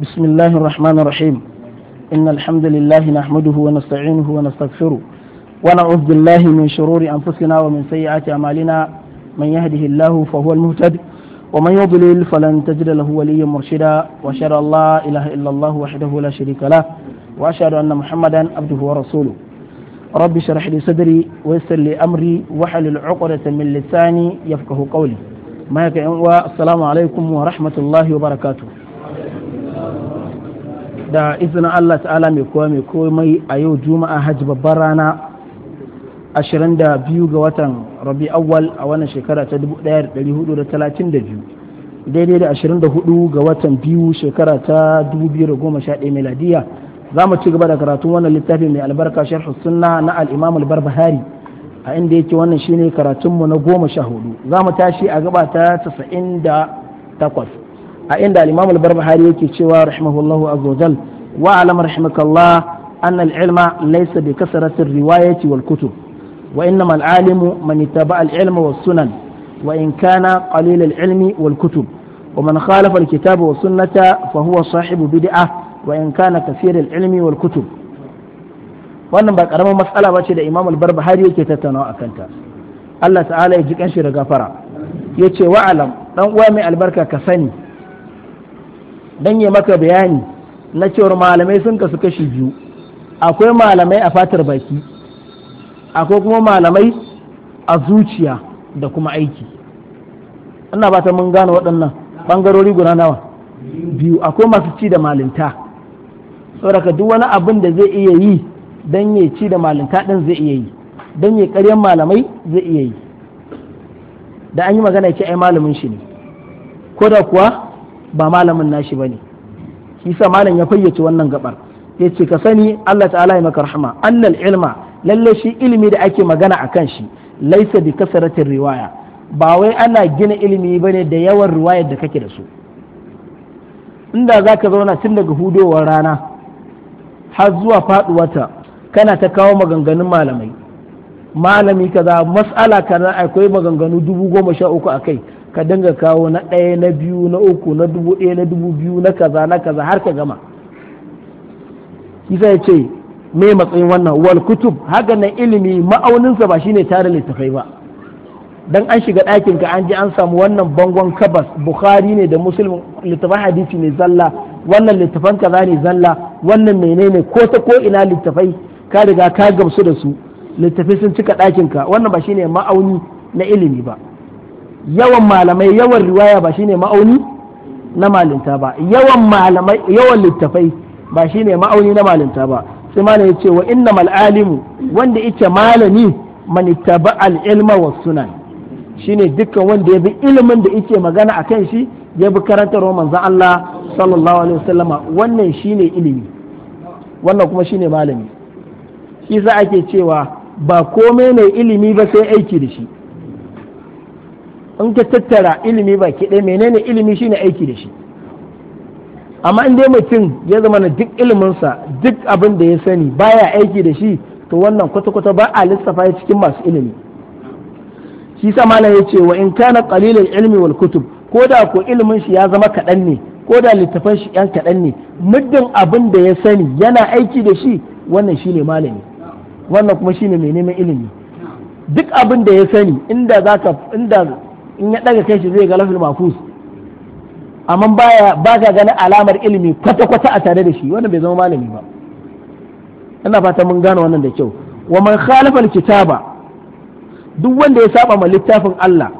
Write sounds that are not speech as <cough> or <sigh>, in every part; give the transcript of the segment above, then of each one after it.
بسم الله الرحمن الرحيم إن الحمد لله نحمده ونستعينه ونستغفره ونعوذ بالله من شرور أنفسنا ومن سيئات أعمالنا من يهده الله فهو المهتد ومن يضلل فلن تجد له وليا مرشدا وأشهد أن لا إله إلا الله وحده لا شريك له وأشهد أن محمدا عبده ورسوله رب اشرح لي صدري ويسر لي أمري واحلل عقدة من لساني يفقه قولي ما السلام عليكم ورحمة الله وبركاته da izinin Allah ta'ala mai kowa mai komai a yau juma'a hajji babbar rana 22 ga watan rabi awwal a wannan shekara ta 1432 daidai da 24 ga watan biyu shekara ta 2011 miladiya za mu ci gaba da karatun wannan littafi mai albarka sharhu sunna na al-imam al-barbahari a inda yake wannan shine karatunmu na goma sha hudu za mu tashi a gaba ta 98 a inda al-imam yake cewa rahimahullahu azza wa alam rahimakallah an al-ilma laysa bi kasratir riwayati wal kutub wa innama al-alimu man ittaba al-ilma was sunan wa in kana qalil al-ilmi wal kutub ومن خالف الكتاب والسنة wa in kana وإن كان كثير wal والكتب wannan ba karamin matsala ba ce da imam al-barbahari yake tattaunawa a kanta Allah ta'ala ya ji kanshi da gafara ya ce wa'alam dan uwa mai albarka ka sani dan ya maka bayani na cewar malamai sun kasu kashi biyu akwai malamai a fatar baki akwai kuma malamai a zuciya da kuma aiki ina ba ta mun gane waɗannan ɓangarori guda nawa biyu akwai masu ci da malinta saboda duk wani abin da zai iya yi don ya ci da malinta ɗin zai iya yi don ya ƙaryan malamai zai iya yi da an yi magana ya ce ai malamin shi ne ko da kuwa ba malamin nashi bane shi sa malam ya fayyace wannan gabar yace ka sani Allah ta'ala ya maka rahama annal ilma lalle shi ilimi da ake magana akan shi laisa bi kasaratin riwaya ba wai ana gina ilimi bane da yawan riwayar da kake da su inda zaka zauna tun daga hudowar rana har zuwa faduwata kana ta kawo maganganun malamai malami kaza mas'ala kaza akwai maganganu dubu goma sha uku a kai ka dinga kawo na ɗaya na biyu na uku na dubu ɗaya na dubu biyu na kaza na kaza har ka gama Kisa ya ce me matsayin wannan wal kutub haka nan ilimi ma'auninsa ba shine tare littafai ba dan an shiga ɗakin ka an ji an samu wannan bangon kabas bukhari ne da muslim littafan hadisi ne zalla wannan littafan kaza ne zalla wannan menene ko ta ko ina littafai ka riga ka gamsu da su littafai sun cika ɗakin ka wannan ba shine ma'auni na ilimi ba yawan malamai yawan riwaya ba shine ma'auni na malinta ba yawan malamai yawan littafai ba shine ma'auni na malinta ba sai malam ya ce wa mal alimu wanda yake malami man ittaba al ilma was sunan shine dukkan wanda ya bi ilimin da yake magana akan shi ya bi karantarwa manzon Allah sallallahu alaihi wasallama wannan shine ilimi wannan kuma shine malami shi za ake cewa ba komai ne ilimi ba sai aiki da shi in ka tattara ilimi ke ɗaya menene ilimi shine aiki da shi amma in dai mutum ya zama na duk iliminsa duk abin da ya sani baya aiki da shi to wannan kwata-kwata ba a lissafa ya cikin masu ilimi shi sa na ya ce wa in kana qalilal ilmi wal kutub ko da ko ilimin shi ya zama kaɗan ne ko da littafan shi yan kaɗan ne muddin abin da ya sani yana aiki da shi wannan shi ne malami wannan kuma shi ne mai neman ilimi duk abin da ya sani inda ka, inda in ya ɗaga kai shi zai ga lafil mafus amma baya ba ka ganin alamar ilimi kwata kwata a tare da shi wannan bai zama malami ba ina fata mun gane wannan da kyau wa man khalafa kitaba duk wanda ya saba ma littafin Allah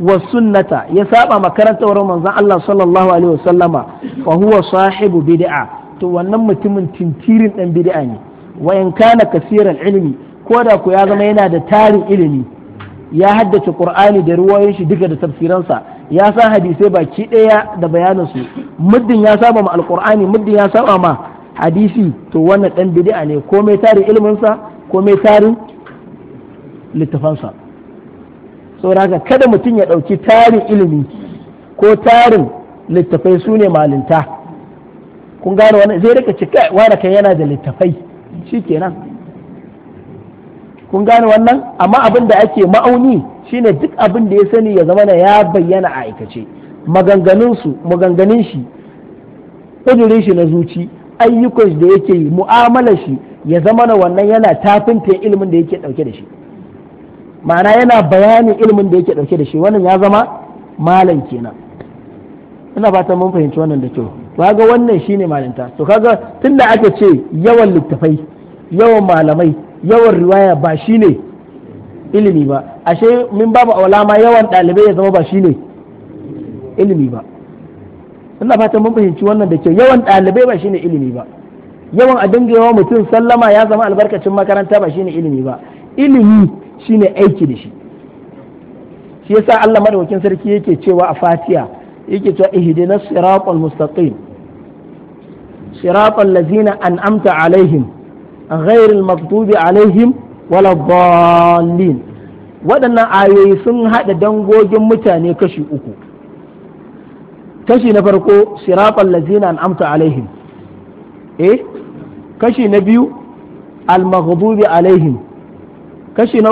wa sunnata ya saba ma karantawar manzon Allah sallallahu alaihi wasallama fa huwa sahibu bid'a to wannan mutumin tintirin dan bid'a ne wa in kana kasiran ilimi ko da ku ya zama yana da tarin ilimi ya haddace qur'ani da ruwayoyin shi duka da tafsiransa ya san hadisai baki daya da bayaninsu su muddin ya saba ma alqur'ani muddin ya saba ma hadisi to wannan dan bid'a ne komai tarin ilminsa komai tarin littafansa saboda kada mutum ya ɗauki tarin ilimi ko tarin littafai su ne malinta kun gane wannan zai rika cika wanda kan yana da littafai shikenan kun gane wannan amma abin da ake ma'auni shine duk abin da ya sani ya zama ya bayyana a aikace maganganun su maganganun shi kudurin shi na zuci ayyukan shi da yake yi mu'amalar shi ya zama na wannan yana tafinta ilimin da yake dauke da shi ma'ana yana bayanin ilimin da yake dauke da shi wannan ya zama malam kenan ina fatan mun fahimci wannan da kyau to ga wannan shine malinta to kaga tunda aka ce yawan littafai yawan malamai yawan riwaya ba shine ilimi ba ashe min babu aula ma yawan ɗalibai ya zama ba shine ilimi ba ina fatan mun fahimci wannan da kyau yawan ɗalibai ba shine ilimi ba yawan a dinga mutum sallama ya zama albarkacin makaranta ba shine ilimi ba ilimi shine aiki da shi shi yasa Allah madawakin sarki yake cewa a Fatiya yake cewa ihdinas siratal mustaqim siratal ladzina an'amta alaihim غير المغضوب عليهم wala الضالين waɗannan ayoyi sun haɗa dangogin mutane kashi uku kashi na farko sirafan lazina an'amta alaihim eh kashi na biyu almaghdubi alaihim kashi na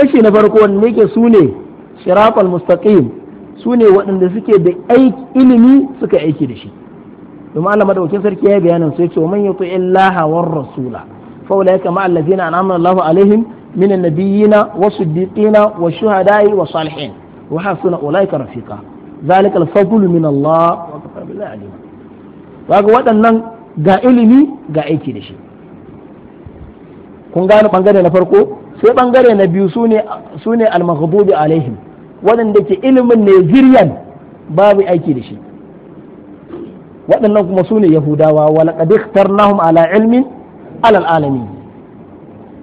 kashi na farko wanda yake su ne mustaqim su ne waɗanda suke da ilimi suka aiki da shi domin Allah madaukakin sarki ya bayyana sai ce man yutu illaha war rasula fa ulaika ma allazina an'ama Allahu alaihim min an-nabiyyina was-siddiqina wash-shuhada'i was-salihin wa hasuna ulaika rafiqa zalika al-fadlu min Allah wa kafa billahi alim kaga waɗannan ga ilimi ga aiki da shi kun gane bangare na farko sai bangare na biyu sune sune al-maghdubi alaihim waɗanda ke ilimin ne jiryan babu aiki da shi waɗannan kuma su ne yahudawa wala qad ikhtarnahum ala ilmin alal alami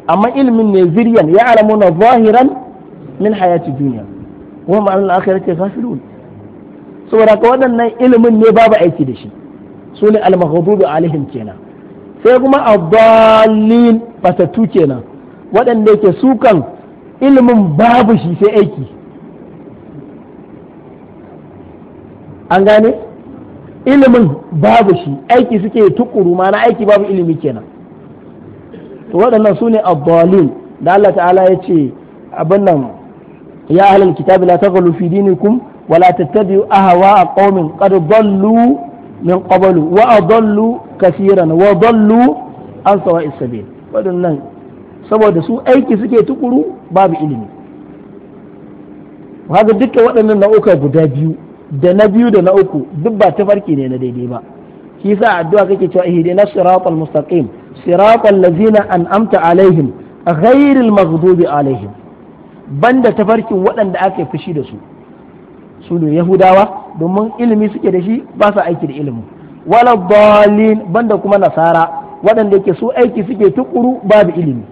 amma ilmin ne ziryan ya'lamuna zahiran min hayati duniya wa ma al akhirati ghafilun saboda ka waɗannan ilimin ne babu aiki da shi su ne alahim maghdubi kenan sai kuma abdallin fatatu kenan waɗanda ke sukan ilimin babu shi sai aiki an gane ilimin babu shi aiki suke tukuru ma na aiki babu ilimi kenan to waɗannan su ne abdalin da Allah ta'ala ya ce abin nan ya ahlul kitabi la taghlu fi dinikum wa la tattabi'u ahwa qaumin qad dallu min qablu wa adallu kaseeran wa dallu an sawa'is sabil saboda su aiki suke tukuru babu ilimi haka dukkan waɗannan nau'uka guda biyu da na biyu da na uku duk ba tafarki ne na daidai ba shi sa addu'a kake cewa ihdina siratal mustaqim siratal ladzina an'amta alaihim ghairil maghdubi alaihim banda tafarkin waɗanda aka fushi da su su ne yahudawa domin ilimi suke da shi ba sa aiki da ilimi wala dalin banda kuma nasara waɗanda yake su aiki suke tukuru babu ilimi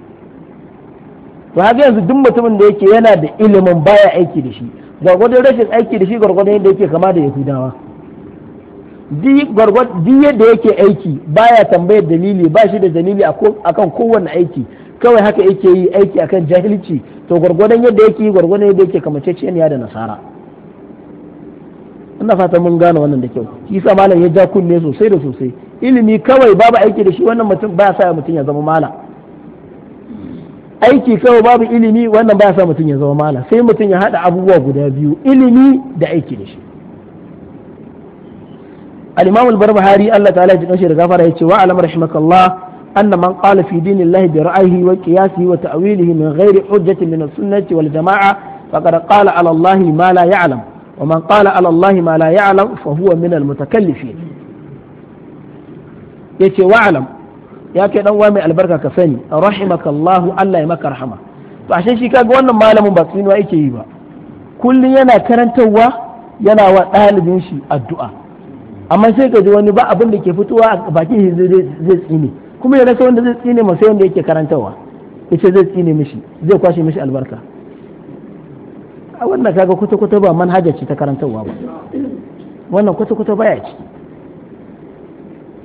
to haka yanzu duk mutumin da yake yana da ilimin baya aiki da shi gwargwadon rashin aiki da shi gwargwadon yadda yake kama da yahudawa duk yadda yake aiki baya tambayar dalili ba shi da dalili akan kowane aiki kawai haka yake yi aiki akan jahilci to gwargwadon yadda yake yi gwargwadon yadda yake ya da nasara ina fata mun gane wannan da kyau shi malam ya ja kunne sosai da sosai ilimi kawai babu aiki da shi wannan mutum ba sa mutum ya zama malam aiki kawai babu ilimi wannan ba sa mutum ya zama mala sai mutum ya haɗa abubuwa guda biyu ilimi da aiki da shi al-imam al-barbahari Allah ta'ala ya kashe da gafara yace wa alam rahimakallah anna man qala fi dinillahi bi ra'yihi wa qiyasihi wa ta'wilihi min ghairi hujjati min as-sunnati wal jama'a faqad qala 'ala Allah ma la ya'lam wa man qala 'ala Allah ma la ya'lam fa huwa min al-mutakallifin yace wa alam ya kai dan uwa mai albarka ka sani rahimakallahu Allah ya maka rahama to ashe shi kaga wannan malamin ba tsinuwa yake yi ba kullum yana karantarwa yana wa ɗalibin shi addu'a amma sai ka ji wani ba abin da ke fitowa a bakin shi zai tsine kuma ya rasa wanda zai tsine ma sai wanda yake karantarwa yace zai tsine mishi zai kwashe mishi albarka a wannan kaga kwata kwata ba manhaja ce ta karantarwa ba wannan kwata kwata baya ciki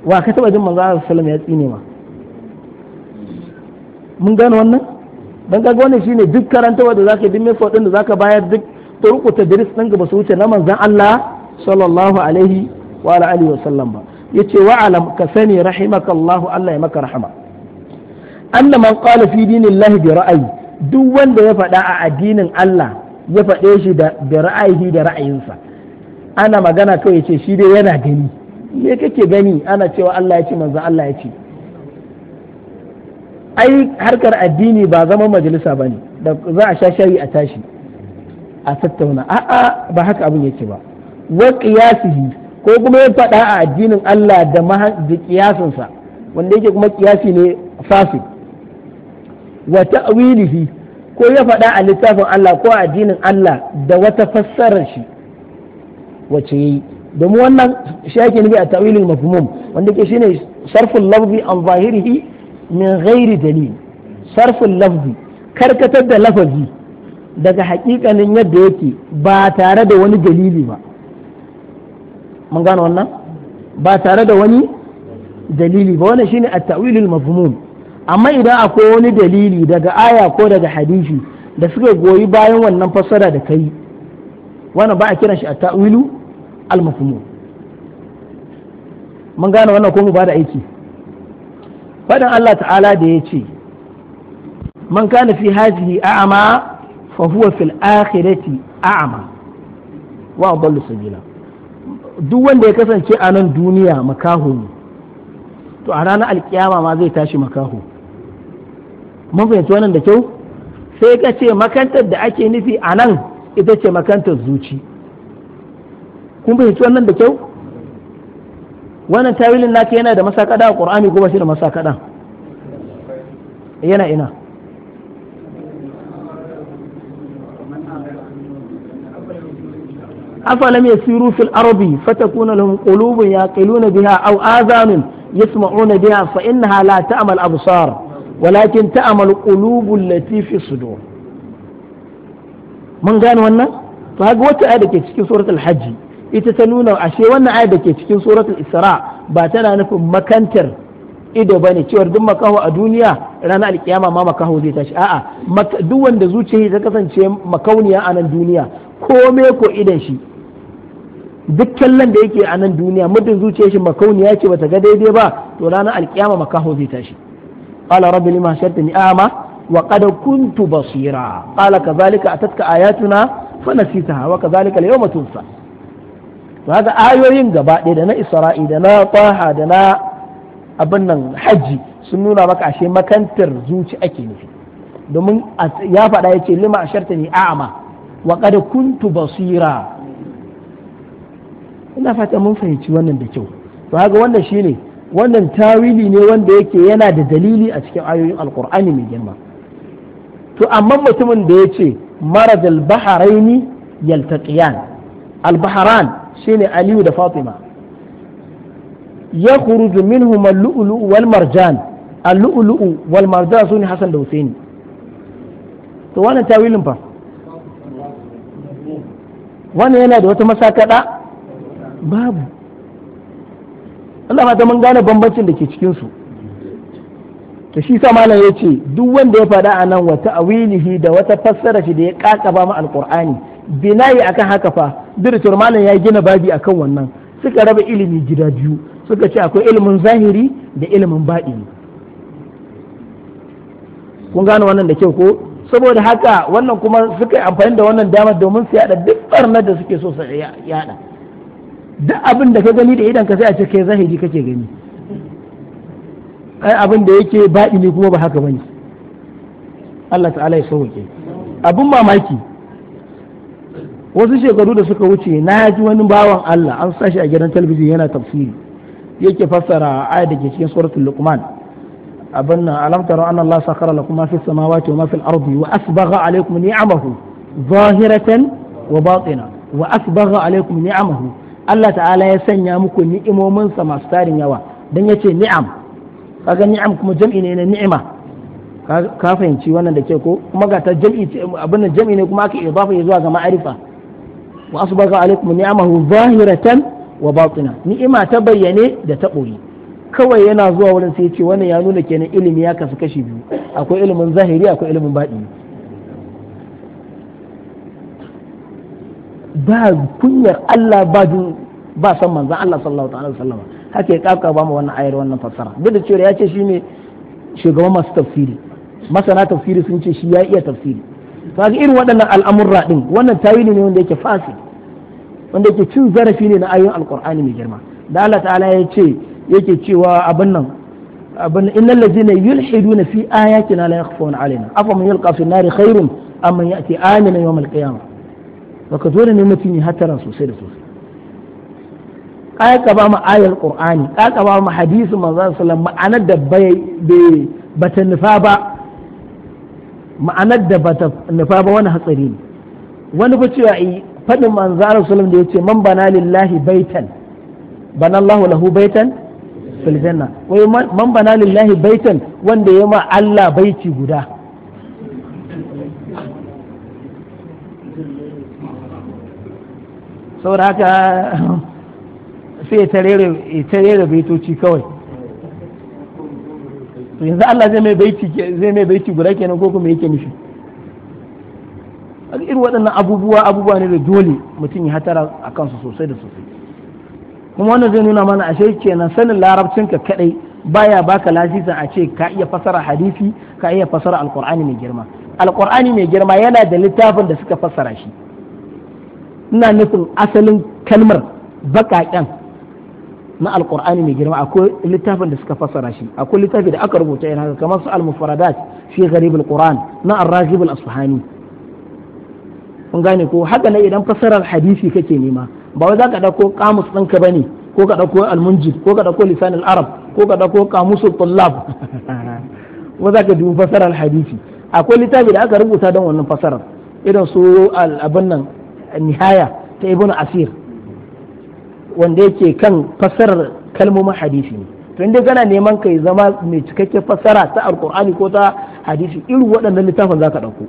wa ka taba jin manzo Allah sallallahu alaihi wasallam ya tsine ma mun gane wannan dan kaga wannan shine duk karantawa da zaka duk mefo din da zaka bayar duk turku tadris din ga ba su wuce na manzon Allah sallallahu alaihi wa ala alihi wa ba yace wa alam ka sani rahimakallahu Allah ya maka rahama anna man qala fi dinillahi bi ra'ayi duk wanda ya faɗa a addinin Allah ya faɗe shi da bi ra'ayi da ra'ayinsa ana magana kawai yace shi dai yana gani me kake gani ana cewa Allah ya ce manzon Allah ya ce ai harkar addini ba zama majalisa ba ne da za a sha shayi a tashi a tattauna a'a ba haka abin yake ba wa kiyasihi ko kuma ya faɗa a addinin Allah da kiyasinsa wanda yake kuma kiyasi ne fasik wa ta'wilihi ko ya faɗa a littafin Allah ko a addinin Allah da wata fassarar shi wace yi domin wannan shi ake nufi a tawilin mafhum wanda yake shine sarfin lafzi an zahirihi min ghairi dalil sarfin lafzi karkatar da lafazi daga hakikanin yadda yake ba tare da wani dalili ba mun gano wannan ba tare da wani dalili ba wannan shine at-ta'wilul mafhum amma idan akwai wani dalili daga aya ko daga hadisi da suka goyi bayan wannan fassara da kai wannan ba a kiran shi at-ta'wilu al-mafhum mun gano wannan ko mu ba da aiki faɗin Allah ta'ala da ya ce man kana fi hajihi a'ama fa huwa fil akhirati a'ama wa adallu sabila duk wanda ya kasance a nan duniya makaho ne to a ranar alkiyama ma zai tashi makaho mun fahimci wannan da kyau sai ka ce makantar da ake nufi a nan ita ce makantar zuci kun fahimci wannan da kyau wannan tawilin naki yana da masakada a ƙur'ani ko ba shi da masakada yana ina afalam yasiru fil arabi fatakuna lahum qulubun yaqiluna biha aw azanun yasma'una biha fa innaha la ta'mal absar walakin ta'mal qulubul lati fi sudur mun gane wannan to haka wata ayata ke cikin suratul hajj ita ta nuna ashe wannan ayat da ke cikin suratul isra ba tana nufin makantar ido ba ne cewar duk makaho a duniya ranar alkiyama ma makaho zai tashi a'a duk wanda zuciya ta kasance makauniya a nan duniya kome ko idan shi duk kallon da yake a nan duniya muddin zuciya shi makauniya ce bata ga daidai ba to ranar alkiyama makaho zai tashi qala rabbi lima shartani a'ma wa qad kuntu basira qala kadhalika atatka ayatuna fa nasitaha wa kadhalika al-yawma tunsa kaga ayoyin gaba ɗaya da na isra'i da na taha da na abin nan haji sun nuna maka ashe makantar zuci ake nufi domin ya faɗa ya lima asharta ni a'ama wa qad kuntu basira ina fata mun fahimci wannan da kyau to haka wannan shine wannan tawili ne wanda yake yana da dalili a cikin ayoyin alqur'ani mai girma to amma mutumin da ya ce marajal baharaini yaltaqiyan al shine aliyu da fatima ya khuruju minhum al-lu'lu wal marjan al-lu'lu wal marjan sune hasan da husaini to wannan tawilin fa wannan yana da wata masakada babu Allah ta mun gane bambancin da ke cikin su to shi sa malam ce duk wanda ya faɗa a nan wa ta'wilihi da wata fassara shi da ya kaka kakaba ma alqur'ani binayi akan haka fa diritar malam ya gina babi a kan wannan suka raba ilimi gida biyu suka ce akwai ilimin zahiri da ilimin baɗi kun gane wannan da kyau ko saboda haka wannan kuma suka yi amfani da wannan damar domin su yada duk barnar da suke so su yada duk abin da ka gani da idan ka sai a ce kai zahiri kake gani ai abin da yake ne kuma ba haka bane Allah ta'ala ya sauke abin mamaki wasu shekaru da suka wuce na ji wani bawan Allah an shi a gidan talabijin yana tafsiri yake fassara aya da ke cikin suratul luqman abin nan alam tara anna Allah sakhara lakum ma fis samawati wa ma fil ardi wa asbagha alaykum ni'amahu zahiratan wa batina wa asbagha alaykum ni'amahu Allah ta'ala ya sanya muku ni'imomin sa masu tarin yawa dan yace ni'am kaga ni'am kuma jam'i ne na ni'ima ka fahimci wannan da ke ko kuma ga ta jam'i abin nan jam'i ne kuma aka idafa zuwa ga ma'arifa wa asbaga alaikum ni'amahu zahiratan wa batina ni'ima ta bayyane da ta boye kawai yana zuwa wurin sai ce wannan ya nuna kenan ilimi ya kasu kashi biyu akwai ilimin zahiri akwai ilimin baɗi ba kunyar Allah ba jin ba san manzon Allah sallallahu alaihi wasallam haka ya kaka ba mu wannan ayar wannan fassara duk da cewa ya ce shine shugaban masu tafsiri masana tafsiri sun ce shi ya iya tafsiri kaga irin waɗannan al'amurra din wannan tawili ne wanda yake fasi wanda yake cin zarafi ne na ayoyin alƙur'ani mai girma da Allah ta'ala ya ce yake cewa abin nan abin innal ladzina yulhiduna fi ayatina la yakhfuna alaina afa man yulqa fi nari khairun am man yati amina yawm al-qiyamah baka dole ne mutum ya hatara sosai da sosai ka ba mu ayar qur'ani ka ba mu hadisin manzo sallallahu alaihi wasallam ma'anar da bai bata nufa ba ma'anar da bata nufa ba wani hatsari ne wani fa cewa yi faɗin manzo Allah sulam da ya ce man bana lillahi baitan bana Allahu lahu baitan fil janna wai man bana lillahi baitan wanda ya ma Allah baiti guda saboda haka sai ya tarere baitoci kawai to yanzu Allah zai mai baiti zai mai baiti guda kenan ko kuma yake mishi irin waɗannan abubuwa abubuwa ne da dole mutum ya hatara a kansu sosai da sosai kuma wannan zai nuna mana ashe kenan sanin larabcin ka kadai baya baka lasisin a ce ka iya fasara hadisi ka iya fasara alqur'ani mai girma alqur'ani mai girma yana da littafin da suka fasara shi ina nufin asalin kalmar baƙaƙen na alkur'ani mai girma akwai littafin da suka fassara shi akwai littafi da aka rubuta yana haka kamar su al-mufradat fi gharib al-qur'an na ar-rajib al-asfahani kun gane ko haka ne idan fassarar hadisi kake nema ba wai zaka dauko kamus ɗinka bane ko ka dauko al-munjid ko ka dauko lisan al-arab ko ka dauko kamusul tullab wa <laughs> zaka dubi fassarar hadisi akwai littafi da aka rubuta don wannan fassarar irin su al-abun nan nihaya ta ibnu asir wanda yake kan fassarar kalmomin hadisi ne to inda kana neman kai zama mai cikakken fasara ta alkur'ani ko ta hadisi irin waɗannan littafin za ka ɗauko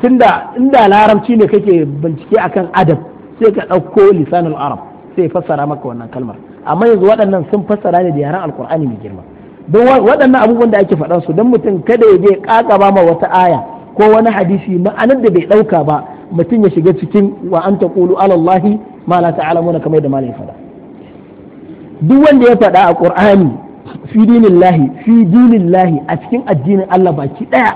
tunda inda larabci ne kake bincike akan adab sai ka ɗauko lisanul arab sai fasara maka wannan kalmar amma yanzu waɗannan sun fasara ne da yaren alkur'ani mai girma don waɗannan abubuwan da ake faɗan su don mutum kada ya je ƙaƙaba ma wata aya ko wani hadisi ma'anar da bai ɗauka ba mutum ya shiga cikin wa an ta ala alallahi ma la kamar yadda malai faɗa duk wanda ya faɗa a qur'ani fi dinillahi fi dinillahi a cikin addinin Allah baki daya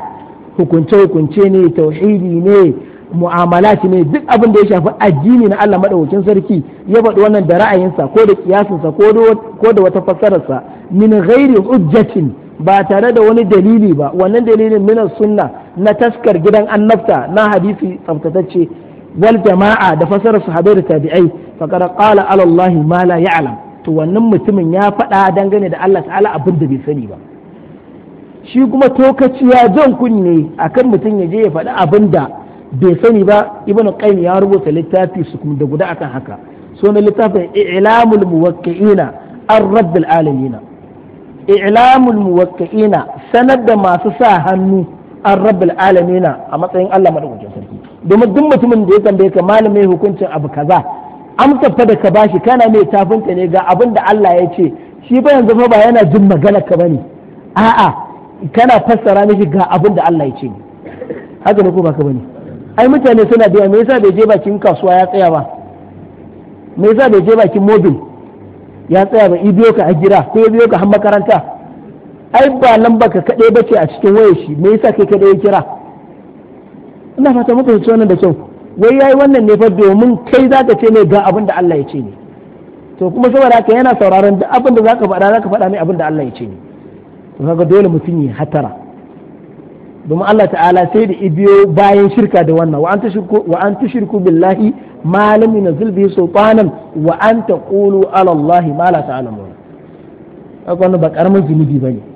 hukunce hukunce ne tauhidi ne mu'amalati ne duk abin da ya shafi addini na Allah madaukakin sarki ya faɗi wannan da ra'ayinsa ko da kiyasinsa ko da wata fassararsa min ghairi hujjatin ba tare da wani dalili ba wannan dalilin min sunna na taskar gidan annabta na hadisi tsaftatacce wal jama'a da fasarar sahabbai da tabi'ai faqad qala ala Allah ma la ya'lam to wannan mutumin ya faɗa dangane da Allah ta'ala abin da bai sani ba shi kuma tokaciya jan kunne akan mutum ya je ya faɗi abin da bai sani ba ibnu qayyim ya rubuta littafi su kuma da guda akan haka so na littafin i'lamul muwaqqi'ina ar-rabbil alamin i'lamul muwaqqi'ina sanar da masu sa hannu an rabbal alamina a matsayin Allah madaukakin sarki domin duk mutumin da ya tambaye ka malamai hukuncin abu kaza amsa fa da ka bashi kana mai tafinta ne ga abin da Allah ya ce shi ba yanzu fa ba yana jin magana ka bane a'a kana fassara mishi ga abin da Allah ya ce haka ne ko ba ka bane ai mutane suna biya me yasa bai je bakin kasuwa ya tsaya ba me yasa bai je bakin mobil ya tsaya ba ibiyo ka a gida ko ya biyo ka har makaranta ai ba nan baka kaɗai ba ce a cikin wayar shi me yasa kai kaɗai ya kira ina fata muku fahimci wannan da kyau wai ya yi wannan ne fa domin kai zaka ce ne ga abin da Allah ya ce ne to kuma saboda haka yana sauraron duk abin da zaka faɗa zaka faɗa ne abin da Allah ya ce ne to kaga dole mutum yi hatara domin Allah ta'ala sai da ibiyo bayan shirka da wannan wa shirku shirku wa anta shirku billahi ma lam yunzil bihi sultanan wa anta qulu ala allahi ma la ta'lamun akwai wannan ba karamin zunubi bane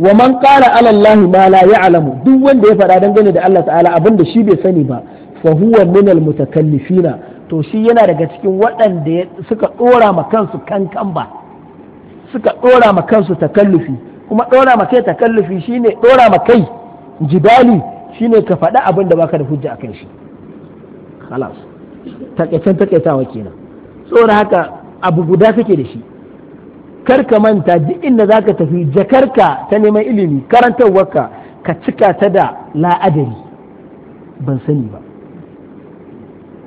wa man qala ala Allah ma la ya'lamu duk wanda ya faɗa dangane da Allah ta'ala abin da shi bai sani ba fa huwa min al mutakallifina to shi yana daga cikin waɗanda suka dora ma kansu kankan ba suka dora ma kansu takallufi kuma dora ma kai takallufi shine dora ma kai jibali shine ka faɗa abin da baka da hujja akan shi khalas takaitan takaitawa kenan saboda haka abu guda kake da shi kar ka manta duk inda zaka tafi jakarka ta neman ilimi karantarwarka ka cika ta da la'adari ban sani ba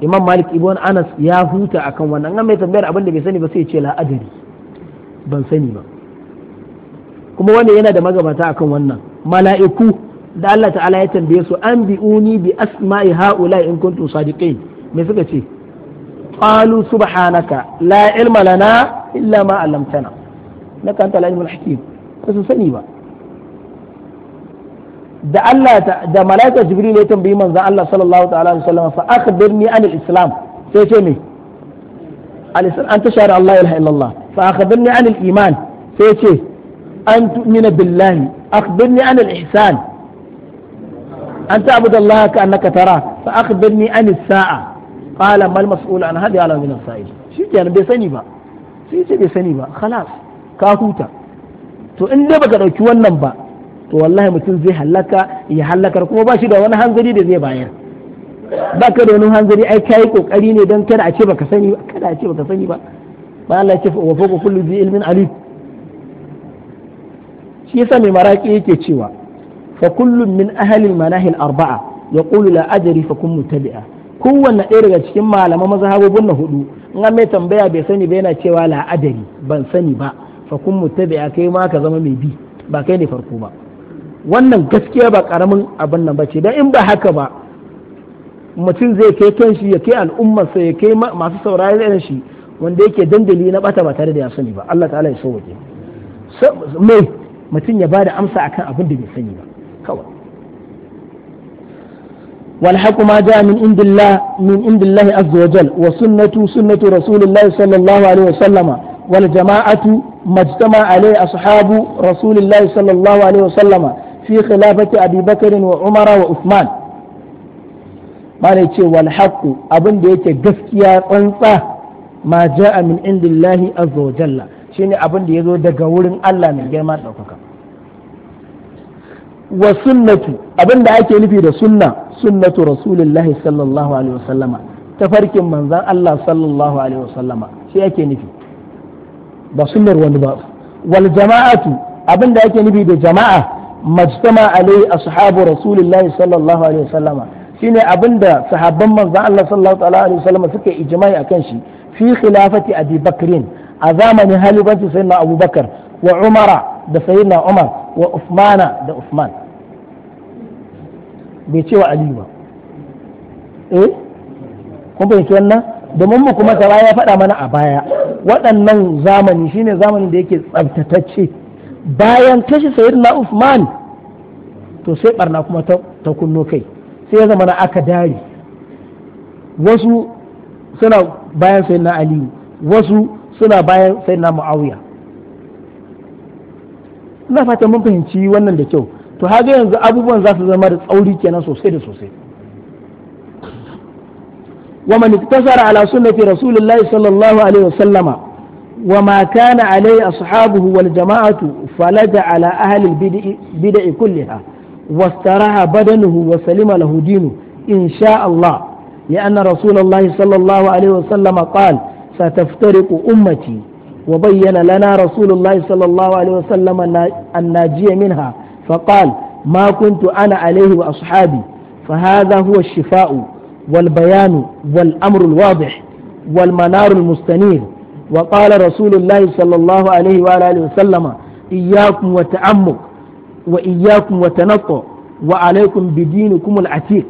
imam malik ibn anas ya huta akan wannan an mai tambayar abin da bai sani ba sai ya ce la'adari ban sani ba kuma wanda yana da magabata akan wannan mala'iku da Allah ta'ala ya tambaye su an bi'uni bi asma'i ha'ula in kuntu sadiqin me suka ce qalu subhanaka la ilma lana illa ma 'allamtana na innaka antal alimul hakim ba su sani ba da Allah da malaika jibril ya tambayi manzon Allah sallallahu ta'ala alaihi wasallam fa akhbirni an al-islam sai ce me al-islam an tashara Allah la ilaha illallah fa akhbirni an al-iman sai ce an tu'mina billahi akhbirni an al-ihsan an ta'budu Allah ka annaka tara fa akhbirni an as-sa'a qala mal mas'ul an hadi ala min as-sa'il shi kenan bai sani ba sai ce bai sani ba khalas ka huta to in dai baka ɗauki wannan ba to wallahi mutum zai halaka ya halakar kuma ba shi da wani hanzari da zai bayar ba ka da wani hanzari ai ka yi kokari ne don kada a ce baka sani ba kada a ce baka sani ba ba Allah ya ce wa fawqa kullu dhi ilmin alif? shi yasa mai maraki yake cewa fa kullum min ahli manahil arba'a ya la ajri fa kun mutabi'a kowanne ɗaya daga cikin malaman mazhabobin na hudu in an mai tambaya bai sani ba yana cewa la ban sani ba fa kun ya kai ma ka zama mai bi ba kai ne farko ba wannan gaskiya ba karamin abin nan ce, dan in ba haka ba mutum zai kai kanshi ya kai al'ummarsa ya kai masu sauraron shi wanda yake dandali na bata ba tare da ya sani ba Allah ta'ala ya sauke mai mutum ya bada amsa akan abin da bai sani ba kawai والحق ما جاء من عند الله من عند الله عز وجل وسنة سنة رسول الله صلى الله عليه وسلم والجماعة مجتمع عليه أصحاب رسول الله صلى الله عليه وسلم في خلافة أبي بكر وعمر وعثمان ما نيتي والحق أبن ديتي قسكيا أنصى ما جاء من عند الله عز وجل شيني أبن ديزو دقاول الله من جمال أوكاكا وسنة أبن دعاكي نفيد سنة سنة رسول الله صلى الله عليه وسلم تفرك من ذا الله صلى الله عليه وسلم شيء أكي نفيد ba sunnar wani ba wal jama'atu abin da ake nufi da jama'a majtama alai ashabu rasulillahi sallallahu alaihi wasallama shine abin da sahabban manzon Allah sallallahu alaihi wasallama suka ijma'i akan shi fi khilafati abi bakrin a zamanin halibanci sayyidina abubakar wa umara da sayyidina umar wa usmana da usman bai cewa aliyu ba eh kun fahimci wannan domin mu kuma tara ya faɗa mana a baya waɗannan zamani shine zamanin da yake tsabtatacce bayan kashe sayyidina Uthman to sai barna kuma ta kunno kai sai ya zama na aka dari wasu suna bayan sayyidina Ali wasu suna bayan sayyidina Muawiya ina fatan mun fahimci wannan da kyau to haka yanzu abubuwan za su zama da tsauri kenan sosai da sosai ومن اقتصر على سنة رسول الله صلى الله عليه وسلم وما كان عليه أصحابه والجماعة فلج على أهل البدع كلها واستراح بدنه وسلم له دينه إن شاء الله لأن رسول الله صلى الله عليه وسلم قال ستفترق أمتي وبين لنا رسول الله صلى الله عليه وسلم الناجية منها فقال ما كنت أنا عليه وأصحابي فهذا هو الشفاء والبيان والأمر الواضح والمنار المستنير وقال رسول الله صلى الله عليه وآله وسلم إياكم وتعمق وإياكم وتنطع وعليكم بدينكم العتيق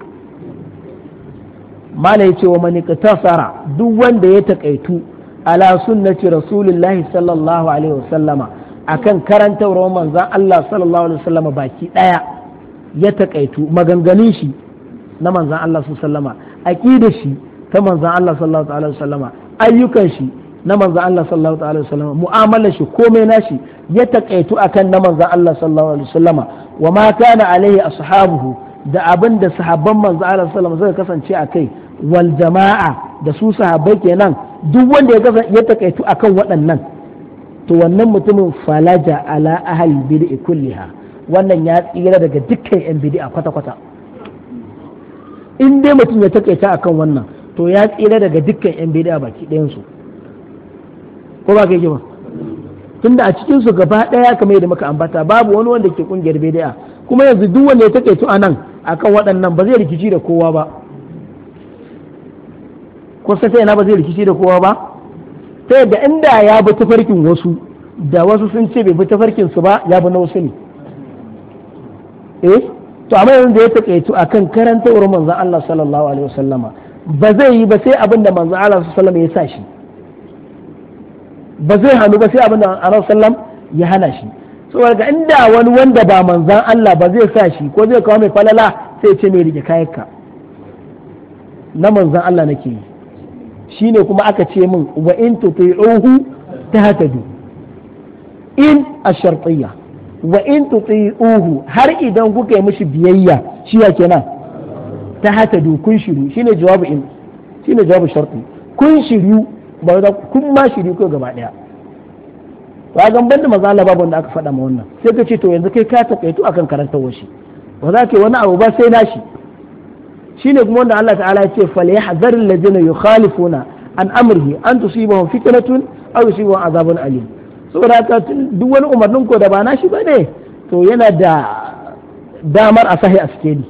ما ليتي ومن اقتصر دون ديتك أيتو على سنة رسول الله صلى الله عليه وسلم akan karantarwar manzan Allah sallallahu alaihi wasallam baki daya ya takaitu maganganun shi na manzan Allah sallallahu alaihi wasallama aqidar shi ta manzan Allah sallallahu alaihi wasallama ayyukan shi na manzan Allah sallallahu alaihi wasallama mu'amalar shi komai na shi ya taƙaitu a kan na manzan Allah sallallahu alaihi wasallama wa ma kana alaihi ashabuhu da abin da sahabban manzan Allah sallallahu alaihi suka kasance a kai wal jama'a da su sahabbai kenan duk wanda ya taƙaitu a kan waɗannan to wannan mutumin falaja ala ahal bid'i kulliha wannan ya tsira daga dukkan yan bid'a kwata-kwata in dai mutum ya takaita akan wannan to ya tsira daga dukkan yan bid'a baki ɗayan ko ba kai ba tunda a cikin su gaba ɗaya kamar yadda muka ambata babu wani wanda ke kungiyar bid'a kuma yanzu duk wanda ya takaito anan akan waɗannan ba zai rikici da kowa ba ko sai na ba zai rikici da kowa ba ta yadda inda ya bi tafarkin wasu da wasu sun ce bai bi tafarkin su ba ya bi na wasu ne eh to amma yanzu da ya takaitu kan karantawar manzan Allah sallallahu alaihi wasallama ba zai yi ba sai abin da manzon Allah sallallahu alaihi ya sa shi ba zai hannu ba sai abin da Allah ya hana shi so ga inda wani wanda ba manzan Allah ba zai sa shi ko zai kawo mai falala sai ce mai rike kayanka na manzan Allah nake yi shine kuma aka ce min wa in tuti'uhu tahtadu in ash-shartiyyah wa in tuti'uhu har idan kuka yi mishi biyayya shi ya kenan ta haka du kun shiru shine jawabu in shine jawabu sharti kun shiru ba da kun ma shiru ko gaba daya to ga ban da maza babu wanda aka fada ma wannan sai ka ce to yanzu kai ka takaitu akan karantar washi ba za ka yi wani abu ba sai nashi shine kuma wanda Allah ta'ala ya ce falyahzaril ladina yukhalifuna an amrihi an tusibahum fitnatun aw yusibahum azabun alim saboda haka tun duk wani umarnin ko da ba na ba bane to yana da damar a sahi a ni.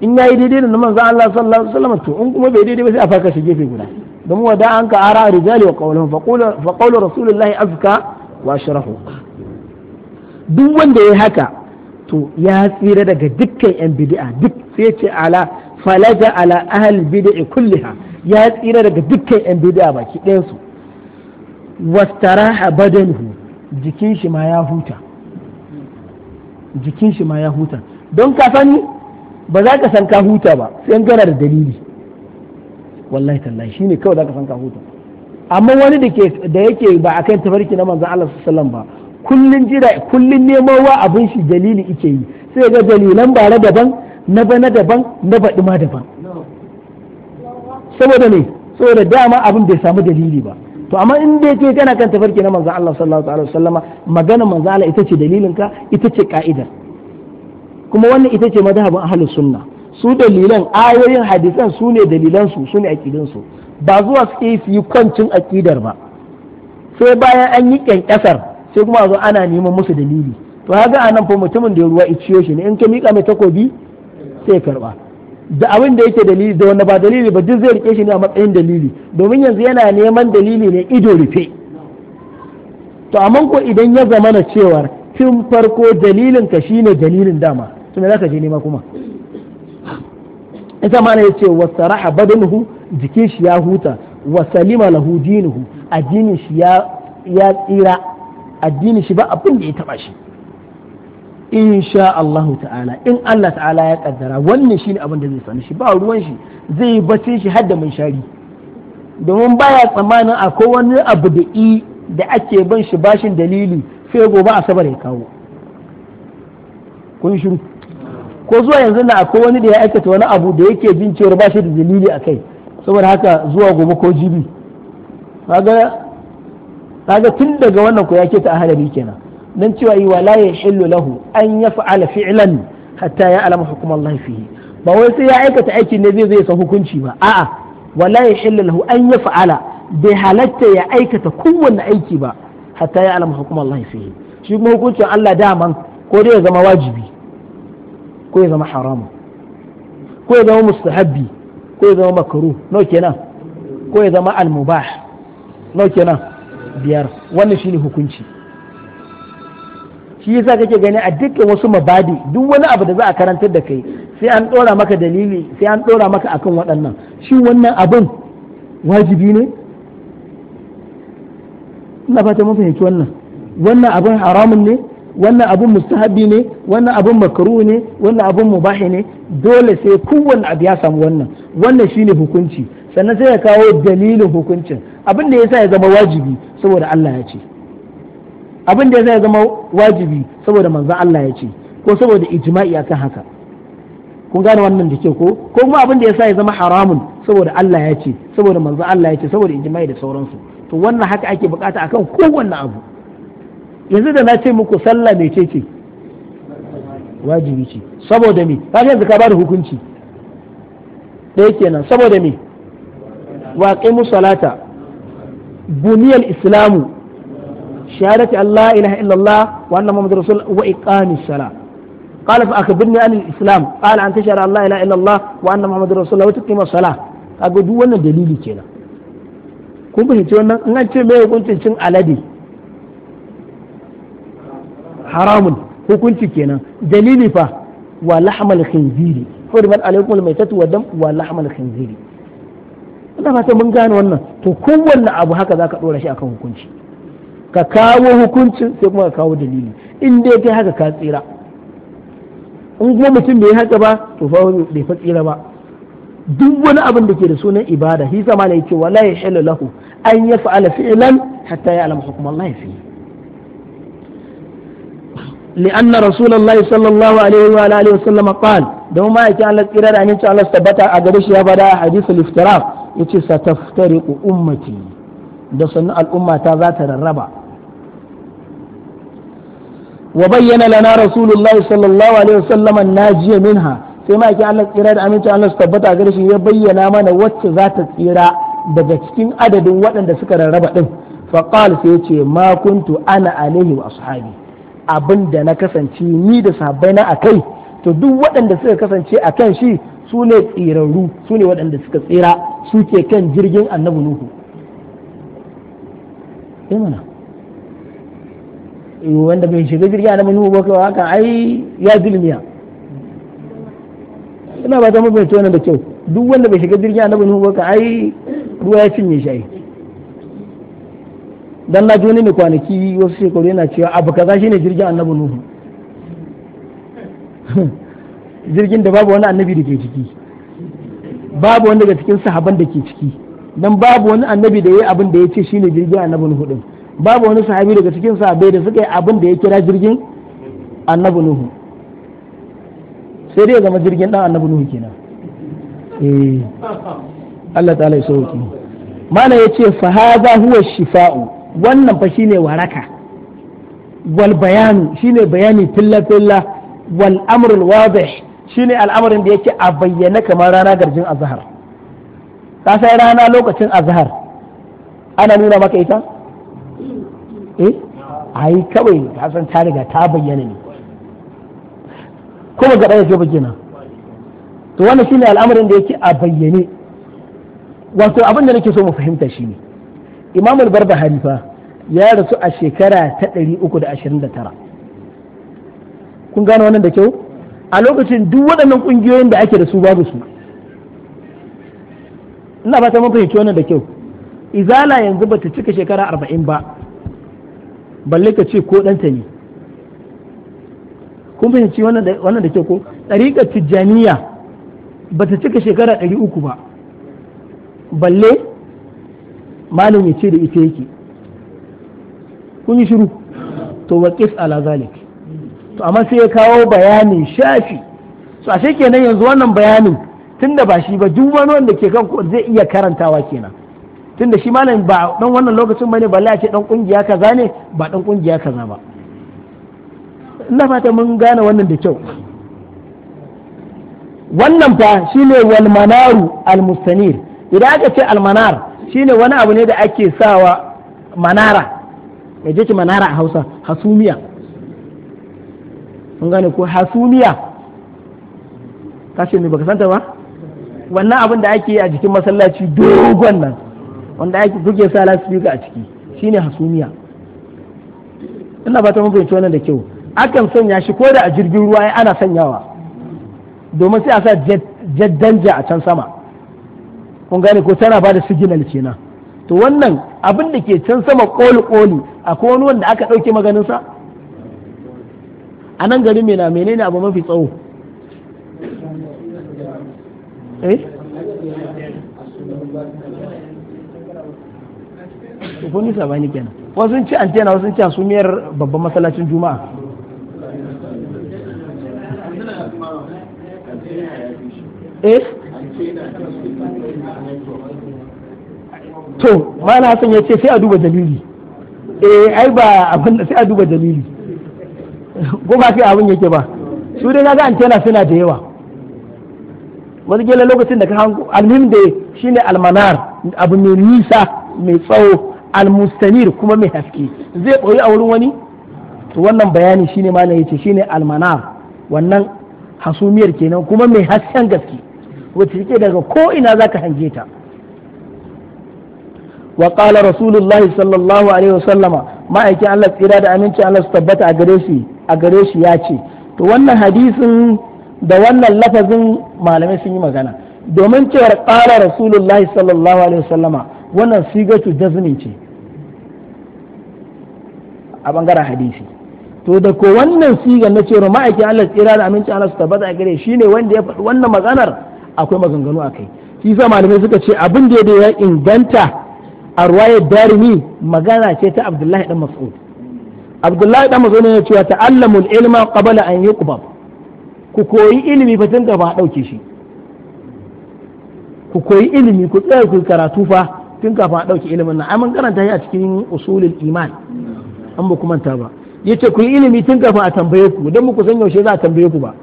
in yayi daidai da manzon Allah sallallahu alaihi wasallam to in kuma bai daidai ba sai a faka shi gefe guda don wa da an ka ara rijali wa qawlan fa qawlu rasulullahi azka wa ashrahu duk wanda yayi haka to ya tsira daga dukkan yan bid'a duk sai ce ala falaja ala ahli bid'i kulliha ya tsira daga dukkan yan bid'a baki ɗayan su wastaraha badanhu jikin shi ma ya huta jikin shi ma ya huta don ka sani ba za ka san ka huta ba sai an gana da dalili wallahi tallahi shine kawai za ka san ka huta amma wani da ke da yake ba akan tafarki na manzon Allah sallallahu ba kullun jira kullun neman wa abin shi dalili yake yi sai ga dalilan bare daban na bana daban na ba ma daban saboda ne saboda dama abin bai samu dalili ba to amma in dai tana kana kan tafarki na manzo Allah sallallahu alaihi wasallama magana manzo Allah ita ce dalilin ka ita ce ka'ida kuma wannan ita ce madhabin ahlus sunna su dalilan ayoyin hadisan su ne dalilan su su ne akidan su ba zuwa suke su yi kwancin akidar ba sai bayan an yi kyankyasar sai kuma zo ana neman musu dalili to haka anan fa mutumin da ruwa iciyo shi ne in ka mika mai takobi sai karba da abin da yake dalili da wanda ba dalili ba duk zai rike shi ne a matsayin dalili domin yanzu yana neman dalili ne ido rufe to amma ko idan ya zama na cewar tun farko dalilin ka shine dalilin dama to me zaka je nema kuma ita ma ne yace wasaraha badanuhu jikin shi ya huta wa salima lahu dinuhu addinin shi ya ya tsira addinin shi ba abin da ya taba shi In sha Allahu ta'ala in Allah ta'ala ya kaddara wannan shine abin da zai sani shi ba ruwan shi zai bace shi har da mun shari domin baya tsammanin akwai wani abu da i da ake ban shi bashin dalili sai gobe asabar ya kawo kun shiru ko zuwa yanzu na akwai wani da ya aikata wani abu da yake jin ba bashi da dalili a kai saboda haka zuwa gobe ko jibi kaga tun daga wannan ko ya ta ahadari kenan dan cewa yi wala ya hillu lahu an ya fa'ala fi'lan hatta ya alama hukum Allah ba wai sai ya aikata aiki ne zai zai san hukunci ba a'a wala ya hillu lahu an ya fa'ala bai halatta ya aikata kowanne aiki ba hatta ya alama hukum Allah shi kuma hukuncin Allah daman ko dai ya wajibi ko ya haramu ko ya zama mustahabbi ko ya zama makaru no kenan ko ya zama no kenan biyar wannan shine hukunci shi yasa kake gani a dukkan wasu mabadi duk wani abu da za a karantar da kai sai an dora maka dalili sai an dora maka akan waɗannan shi wannan abin wajibi ne ina fata mun fahimci wannan wannan abin haramun ne wannan abin mustahabi ne wannan abin makaru ne wannan abin mubahi ne dole sai kowanne abu ya samu wannan wannan shine hukunci sannan sai ya kawo dalilin hukuncin abin da yasa ya zama wajibi saboda Allah ya ce abin da ya zama wajibi saboda manzan Allah ya ce ko saboda ijma'i akan haka kun gane wannan da ke ko ko kuma abin da ya sa ya zama haramun saboda Allah ya ce saboda manzan Allah ya ce saboda ijma'i da sauransu to wannan haka ake bukata akan kowanne abu yanzu da na ce muku sallah ne ce ce wajibi ce saboda me ka yanzu ka bada hukunci ɗaya kenan saboda me waqimu salata buniyal islamu شهادة أن لا إله إلا الله وأن محمد رسول الله وإقام الصلاة قال فأخبرني عن الإسلام قال أن تشهد أن لا إله إلا الله وأن محمد رسول الله وتقيم الصلاة kaga duk wannan dalili kenan kun fahimci wannan in an ce mai hukuncin cin alade haramun hukunci kenan dalili fa wa lahmal khinziri hurmat alaikum almaitatu wa dam wa lahmal khinziri Allah fata mun gane wannan to kowanne abu haka zaka dora shi akan hukunci ka kawo hukuncin sai kuma ka kawo dalili in dai kai haka ka tsira in kuma mutum bai haka ba to fa bai fa tsira ba duk wani abin da ke da sunan ibada shi zama ne yake wala ya hilu lahu an ya fa'ala fi'lan hatta ya alama hukum Allah fi لأن رسول الله صلى الله عليه وآله وسلم قال دوما يكي على الإرادة أن ينشأ الله استبتا أقدش يبدا حديث الافتراق يتي ستفترق ummati da sannu al'umma ta za ta rarraba wa bayyana رسول الله صلى الله عليه وسلم الناجية sai ma yake Allah tsira da aminci Allah su tabbata gare shi ya bayyana mana wacce za ta tsira daga cikin adadin waɗanda suka rarraba din fa qal sai yace ma kuntu ana alaihi wa ashabi abinda na kasance ni da sahabbai na akai to duk waɗanda suka kasance akan shi su ne tsirarru su ne waɗanda suka tsira suke kan jirgin annabi nuhu wanda bai shiga jirgin annabi manu ba kawai haka ai ya zulmiya ina ba ta mafi wannan da kyau duk wanda bai shiga jirgin annabi manu ba kawai ai ruwa ya cinye shi ai dan na ji ne kwanaki wasu shekaru yana cewa abu kaza shine jirgin annabi nuhu <laughs> jirgin da babu wani annabi da ke ciki babu wani daga cikin sahaban da ke ciki dan babu wani annabi da ya yi abin da ya ce shine jirgin annabi nuhu din babu wani sahabi daga cikin sahabbai da suka yi abin da ya kira jirgin annabi nuhu sai dai ya zama jirgin dan annabi nuhu kenan eh Allah ta'ala ya sauki mana yace fa hadha huwa shifa'u wannan fa shine waraka wal bayanu shine bayani filla filla wal amru al wadih shine al'amarin da yake a bayyana kamar rana garjin azhar ka sai rana lokacin azhar ana nuna maka ita eh ai kawai ka san ta riga ta bayyana ne kuma gaba yake bayyana to wannan shine al'amarin da yake a bayyane wato abin da nake so mu fahimta shine Imam al-Barbahari fa ya rasu a shekara ta 329 kun gano wannan da kyau a lokacin duk waɗannan ƙungiyoyin da ake da su babu su ina ba ta mun fahimci wannan da kyau izala yanzu bata cika shekara arba'in ba balle ka ce ko ɗanta ne kun fahimci wannan da ke ko ɗariƙar tijjaniya ba ta cika shekara ɗari uku ba balle malam ya ce da ita yake kun yi shiru to waƙif ala zalik to amma sai ya kawo bayanin shafi so a kenan yanzu wannan bayanin tun da ba shi ba duk wani wanda ke kan zai iya karantawa kenan Tun da shi malam ba dan wannan lokacin bane balle a ce dan kungiya kaza ne ba dan kungiya kaza ba ina fata mun gane wannan da kyau wannan fa shine wal manaru al mustanir idan aka ce al manar shine wani abu ne da ake sawa manara ya je manara a Hausa hasumiya mun gane ko hasumiya kashe ne baka santa ba wannan abin da ake yi a jikin masallaci dogon nan wanda ake kuke sa ga a ciki shine hasumiya ina ba ta mun wannan da kyau akan sanya shi ko da a jirgin ruwa ya ana sanyawa domin sai a sa jaddanja a can sama kun gane ko tana ba da signal kenan to wannan abin da ke can sama koli koli akwai wani wanda aka ɗauke maganinsa a nan gari mena menene abu mafi tsawo eh? kun yi sabani kenan wasu sun ci antena wasu sun ci asumiyar babban masallacin juma'a eh to mana hasan ya ce sai a duba dalili eh ai ba abin sai a duba dalili ko ba kai abin yake ba su dai naga antena suna da yawa wani gela lokacin da ka hango almin da shine almanar abu mai nisa mai tsawo Almustamir kuma mai haske zai ɓoyi a wurin wani to wannan bayani shine malam yace shine almanar wannan hasumiyar kenan kuma mai hasken gaske wacce yake daga ko ina zaka hange ta wa qala rasulullahi sallallahu alaihi wasallama ma'aikin Allah tsira da aminci Allah su tabbata a gare shi a gare shi ya ce to wannan hadisin da wannan lafazin malamai sun yi magana domin cewar qala rasulullahi sallallahu alaihi wasallama wannan sigatu jazmi ce a bangaren hadisi to da ko wannan sigar na cewa ma'aikin Allah tsira da amincin Allah su tabbata a gare shine wanda ya faɗi wannan maganar akwai maganganu a kai shi sa malamai suka ce abin da ya inganta a ruwayar darimi magana ce ta Abdullahi dan Mas'ud Abdullahi dan Mas'ud ne cewa ta'allamul ilma qabla an yuqbab ku koyi ilimi fa tun da ba a dauke shi ku koyi ilimi ku tsaya ku karatu fa tun kafin a ɗauki ilimin nan ai mun karanta shi a cikin usulul iman an ba kuma ta ba Ya ce ku yi ilimi tun kafin a tambaye ku don muku san yaushe za a tambaye ku ba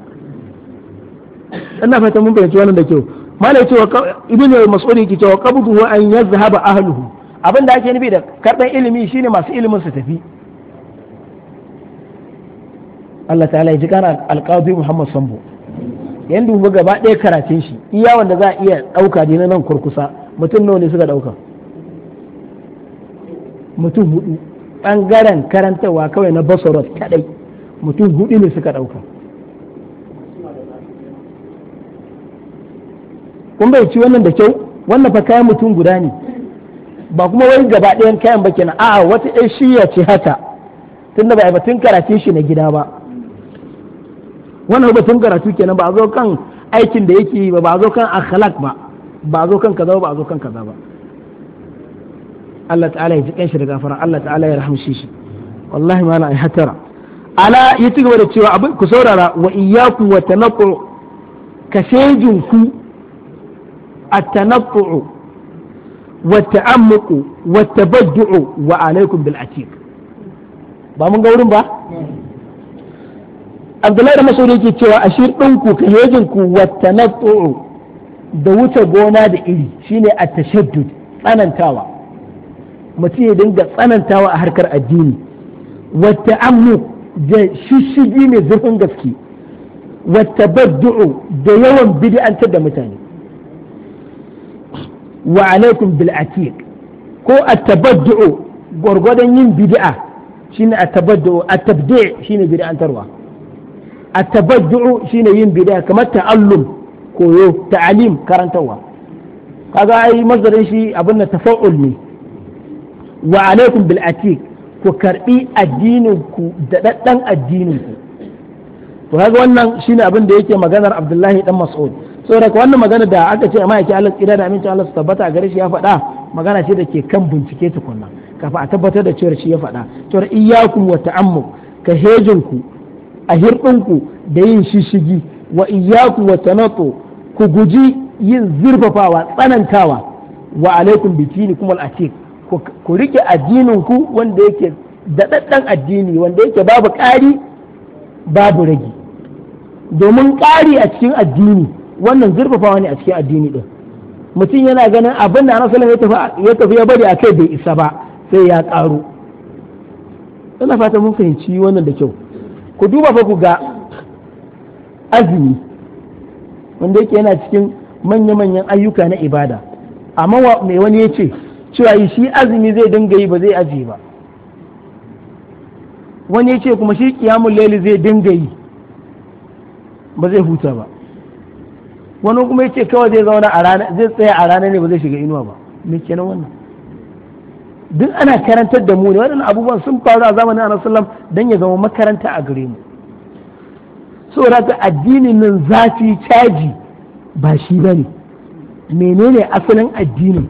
ina fata mun fahimci wannan da kyau malai yace ibnu mas'ud yake cewa qabduhu an yazhaba ahluhu abin da ake nufi da karɓar ilimi shine masu ilimin su tafi Allah ta'ala ya ji kana alƙawfi Muhammad Sambo yan dubu gaba ɗaya karatun shi iya wanda za a iya ɗauka dina na nan kurkusa mutum nawa ne suka ɗauka mutum hudu ɓangaren karantarwa kawai na basarot kadai mutum hudu ne suka ɗauka. kun bai ci wannan da kyau wannan fa kayan mutum guda ne ba kuma wai gaba ɗayan kayan ba kenan a'a wata ɗan shiya ce haka tunda ba a batun karatun shi na gida ba wannan ba batun karatu kenan ba a zo kan aikin da yake yi ba ba a zo kan akhlaq ba ba a zo kan kaza ba ba a zo kan kaza ba Allah ta'ala ya ji kanshi da gafara Allah ta'ala ya rahamshe shi wallahi malam ai hatara ala ya ci gaba da cewa abin ku saurara wa iyyaku wa tanaqu ka ku at-tanaqu wa ta'ammuqu wa tabaddu'u wa alaikum bil atiq ba mun ga wurin ba Abdullahi da Masauri yake cewa ashir ɗinku ka hejinku wa tanaqu da wuce gona da iri shine at-tashaddud tsanantawa mutum ya dinga tsanantawa a harkar addini wata amu da shishigi mai zurfin gaske wata baddu'u da yawan bid'antar da mutane wa alaikum bil ko at-tabaddu'u gwargwadon yin bid'a shine at-tabaddu'u at-tabdi' shine bid'antarwa at-tabaddu'u shine yin bid'a kamar ta'allum koyo ta'alim karantarwa kaga ai mazarin shi abin da tafa'ul ne wa alaikum bil atiq ku karbi addinin ku da daddan addinin ku to kaga wannan shine abin da yake maganar Abdullahi dan Mas'ud saboda wannan magana da aka ce amma yake Allah tsira da amincin Allah su tabbata a gare shi ya faɗa magana ce da ke kan bincike tukunna kafa a tabbatar da cewar shi ya faɗa cewar iyyakum wa ta'ammuk ka ku a hirɗinku da yin shishigi wa iyyakum wa tanatu ku guji yin zurfafawa tsanantawa wa alaikum bitini kumal atik ku rike addininku wanda yake daɗaɗɗen addini wanda yake babu ƙari babu ragi domin ƙari a cikin addini wannan zurfafawa ne a cikin addini ɗin mutum yana ganin abin da rasulun ya tafi ya bari a kai bai isa ba sai ya ƙaro ina fata mun fahimci wannan da kyau ku duba fa ku ga azumi wanda yake yana cikin manya-manyan ayyuka na ibada amma mai wani ya ce cewa shi azumi zai dinga yi ba zai aji ba wani ya ce kuma shi kiyamun laili zai dinga yi ba zai huta ba wani kuma ya ce kawai zai zauna a rana zai tsaya a rana ne ba zai shiga inuwa ba me kenan wannan duk ana karantar da mu ne waɗannan abubuwan sun faru a zamanin annabi sallam ya zama makaranta a gare mu saboda ta addinin nan zafi caji ba shi ba ne menene asalin addinin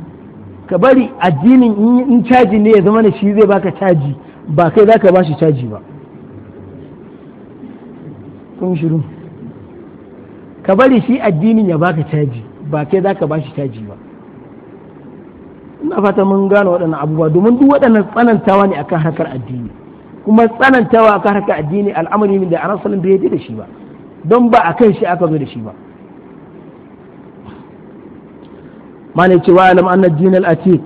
ka bari addinin in caji ne ya zama da shi zai baka caji ba kai za ka ba shi caji ba kun shiru ka bari shi addinin ya baka caji ba kai za ka ba shi caji ba ina fata mun gane waɗannan abubuwa domin duk waɗannan tsanantawa ne akan harkar addini kuma tsanantawa akan harkar addini al'amari ne da a rasulun bai da shi ba don ba a kan shi aka zo da shi ba ما واعلم أن الدين الأتيك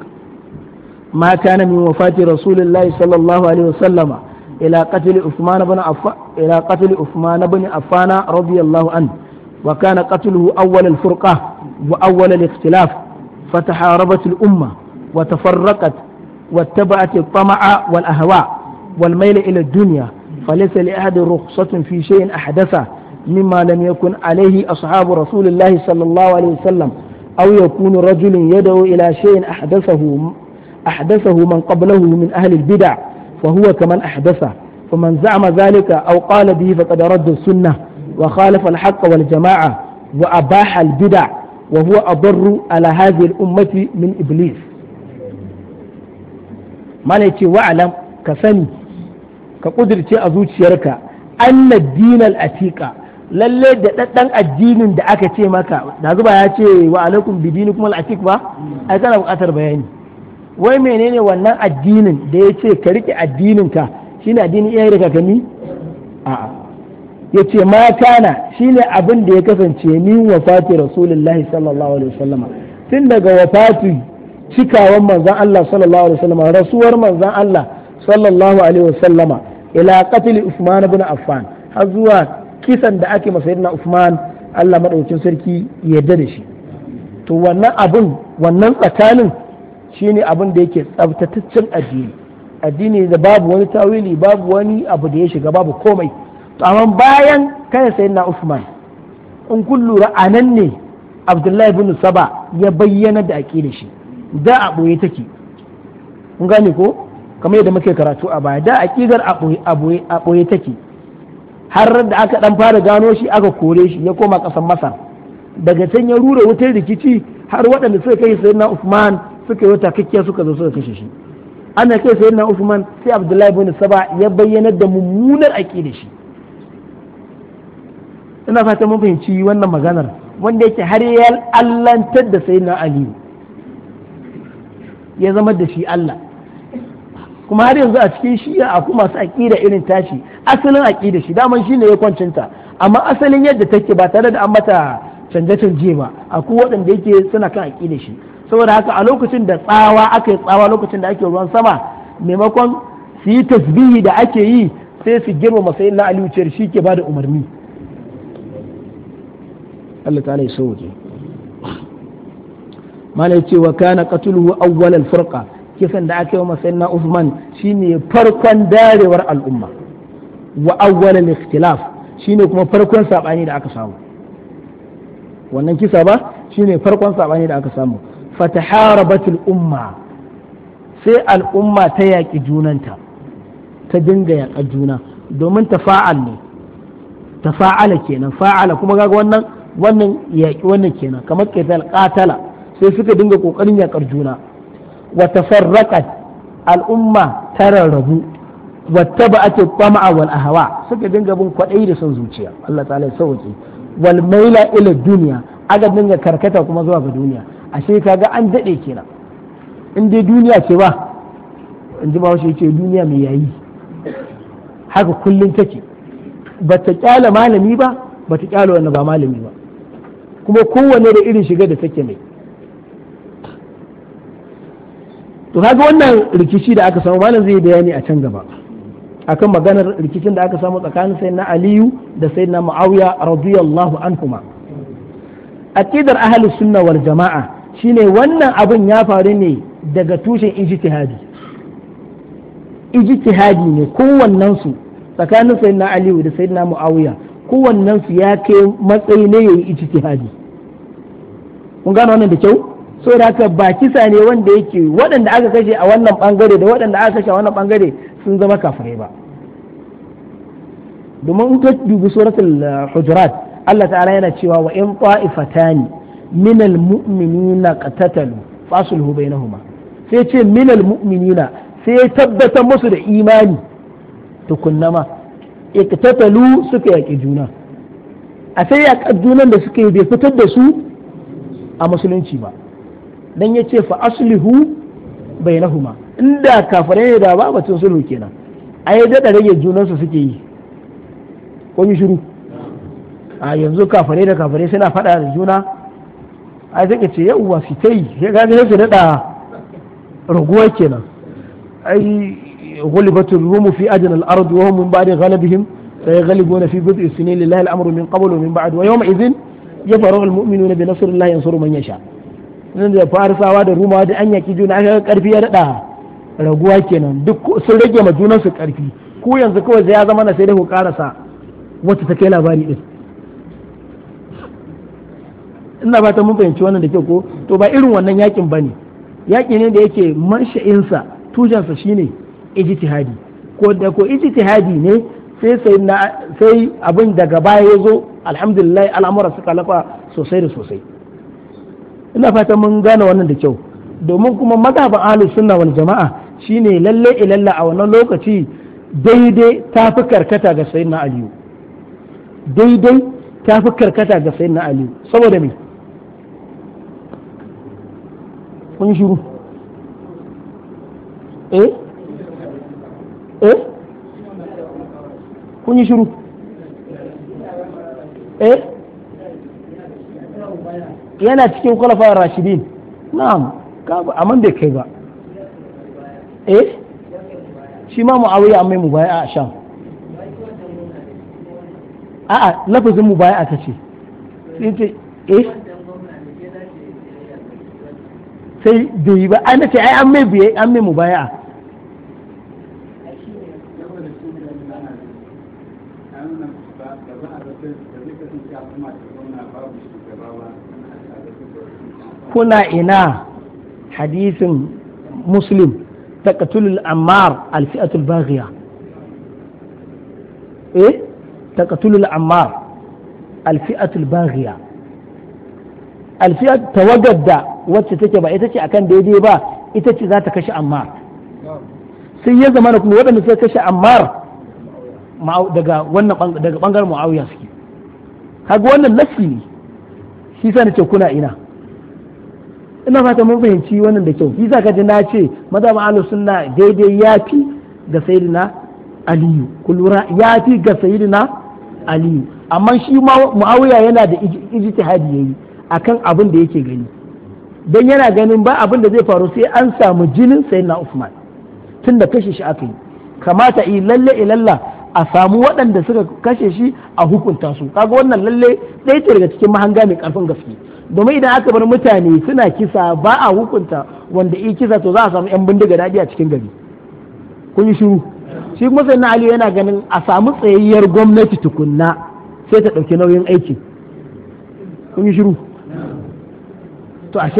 ما كان من وفاة رسول الله صلى الله عليه وسلم إلى قتل عثمان بن عفان إلى قتل عثمان بن عفان رضي الله عنه وكان قتله أول الفرقة وأول الاختلاف فتحاربت الأمة وتفرقت واتبعت الطمع والأهواء والميل إلى الدنيا فليس لأحد رخصة في شيء أحدثه مما لم يكن عليه أصحاب رسول الله صلى الله عليه وسلم أو يكون رجل يدعو إلى شيء أحدثه أحدثه من قبله من أهل البدع فهو كمن أحدثه فمن زعم ذلك أو قال به فقد رد السنة وخالف الحق والجماعة وأباح البدع وهو أضر على هذه الأمة من إبليس ما نيتي وأعلم كسني كقدرتي أزوج شركة أن الدين الأتيكة lalle da ɗaɗɗan addinin da aka ce maka da zuba ya ce wa alaikum bidini kuma al'atik ba ai kana buƙatar bayani wai menene wannan addinin da ya ce ka rike addininka shine addinin iyaye da kakanni a'a ya ce ma kana shine abin da ya kasance min wafati rasulullahi sallallahu alaihi wasallama tun daga wafati cikawan manzon Allah sallallahu alaihi wasallama rasuwar manzon Allah sallallahu alaihi wasallama ila qatl Usman ibn Affan har zuwa kisan da ake masa na Uthman Allah madaukakin sarki yadda da shi to wannan abun wannan tsakanin shi ne abin da yake tsabtataccen addini addini da babu wani tawili babu wani abu da ya shiga babu komai to amma bayan kai na Uthman in kun lura anan ne Abdullahi bin Saba ya bayyana da da shi da a boye take kun gane ko kamar yadda muke karatu a baya da aqidar a ta take har da aka dan fara gano shi aka kore shi ya koma kasan masar daga can ya rura wutar rikici har waɗanda suka kai sayyidina usman suka yi takakkiya suka zo suka kashe shi ana kai sayyidina usman sai abdullahi bin saba ya bayyana da mummunar aqida shi ina fata mun fahimci wannan maganar wanda yake har ya allantar da sayyidina ali ya zama da shi Allah kuma har yanzu a cikin shi kuma masu aƙida irin tashi asalin aƙida shi daman shi ne ya kwancinta amma asalin yadda take ba tare da an mata canje-canje ba a ku waɗanda yake suna kan aƙida shi saboda haka a lokacin da tsawa aka yi tsawa lokacin da ake ruwan sama maimakon su yi tasbihi da ake yi sai su girmama sai na aliyu ciyar shi ke da umarni Allah ta'ala ya sauke mala ce wa kana awwal al-furqa kisan da aka yi wa sayyidina Uthman shine farkon darewar al'umma wa awwal ikhtilaf shine kuma farkon sabani da aka samu wannan kisa ba shine farkon sabani da aka samu fataharabatul umma sai al'umma ta yaƙi junanta ta dinga yaƙa juna domin tafa'al ne tafa'ala kenan fa'ala kuma kaga wannan wannan yaƙi wannan kenan kamar qital qatala sai suka dinga kokarin yaƙar juna Wata tafarraqat al'umma ta rarrabu wata wattaba'at at-tama'a wal ahwa suka dinga bin kwadai da son zuciya Allah ta'ala ya sauke wal dinga karkata kuma zuwa ga duniya ashe kaga an dade kenan in dai duniya ce ba in ji bawashi ce duniya mai yayi haka kullum take ba ta kyala malami ba ba ta kyala wanda ba malami ba kuma kowanne da irin shiga da take mai to kaga wannan rikici da aka samu malam zai bayani a can gaba akan maganar rikicin da aka samu tsakanin sayyidina aliyu da sayyidina muawiya radiyallahu anhuma aqidar ahli sunna wal jama'a shine wannan abun ya faru ne daga tushen ijtihadi ijtihadi ne kowannen su tsakanin sayyidina aliyu da sayyidina muawiya kowannen su ya kai matsayi ne yayi ijtihadi kun gano wannan da kyau so da haka ba kisa ne wanda yake waɗanda aka kashe a wannan bangare da waɗanda aka kashe a wannan sun zama kafirai ba domin in ka dubi suratul uh, hujurat Allah ta'ala yana cewa wa in ta'ifatani min almu'minina qatatalu fasulhu bainahuma sai ce min almu'minina sai ya tabbatar musu da imani tukunnama iqtatalu suka yaki juna a sai yaƙar junan da suka yi bai fitar da su a musulunci ba dan ya ce fa aslihu bainahuma inda kafirai ne da ba batun sulhu kenan ai daɗa rage junansu suke yi kun yi shiru a yanzu kafirai da kafirai suna faɗa da juna a zai ce yauwa su ta yi sai ga su daɗa raguwa kenan ai ghulibatul rum fi ajna al ard wa hum min ba'di ghalabihim sayaghlibuna fi bid'i sinin lillahi al amru min qablu min ba'd wa izin? ya faru al na bi nasrillahi yansuru man sha. nan da farisawa da rumawa da anyaki ki juna aka karfi ya daɗa raguwa kenan duk sun rage ma junan su karfi ko yanzu kawai zai ya zama na sai da ku karasa wacce ta labari din ina ba ta mun fahimci wannan da ke ko to ba irin wannan yakin bane ne yaki ne da yake mansha'insa tujansa shine ijtihadi ko da ko ijtihadi ne sai sai na sai abin daga baya ya zo alhamdulillah al'amura suka lafa sosai da sosai ina fata mun gane wannan da kyau domin kuma mazhaban ahlus sunna wal jama'a shine lalle ilalla a wannan lokaci daidai ta fi karkata ga sayyidina aliyu daidai ta fi karkata ga sayyidina aliyu saboda me kun shiru eh eh kun shiru eh yana cikin khulafa rashidin na'am amma bai kai ba eh shi ma muawiya amma mu baya a sham a lafazin mu baya ta ce eh sai bai yi ba ai nace ai an mai biye an mai mu baya kuna ina hadisin muslim taqatulul ammar alfi'atul baghiya eh taqatulul ammar alfi'atul baghiya alfi'at tawagar wacce take ba ita ce akan daidai ba ita ce za ta kashe ammar sai ya zama kuma waɗanda suka kashe ammar daga wannan daga bangaren muawiya suke kaga wannan nasi ne shi sa nace kuna ina ina fata mun fahimci wannan da kyau yasa ji na ce maza alu sunna daidai yafi ga sayyidina aliyu ya yafi ga sayyidina aliyu amma shi muawiya yana da ijtihadi yayi akan abin da yake gani dan yana ganin ba abin da zai faru sai an samu jinin sayyidina usman tunda kashe shi aka yi kamata ilalla ilalla a samu waɗanda suka kashe shi a hukunta su kaga wannan lalle ɗaya ce daga cikin mahanga mai ƙarfin gaske domin idan aka bar mutane suna kisa ba a hukunta wanda yi kisa to za a samu yan bindiga daɗi a cikin gari kun yi shiru shi kuma sai na ali yana ganin a samu tsayayyar gwamnati tukunna sai ta ɗauki nauyin aiki kun yi shiru to ashe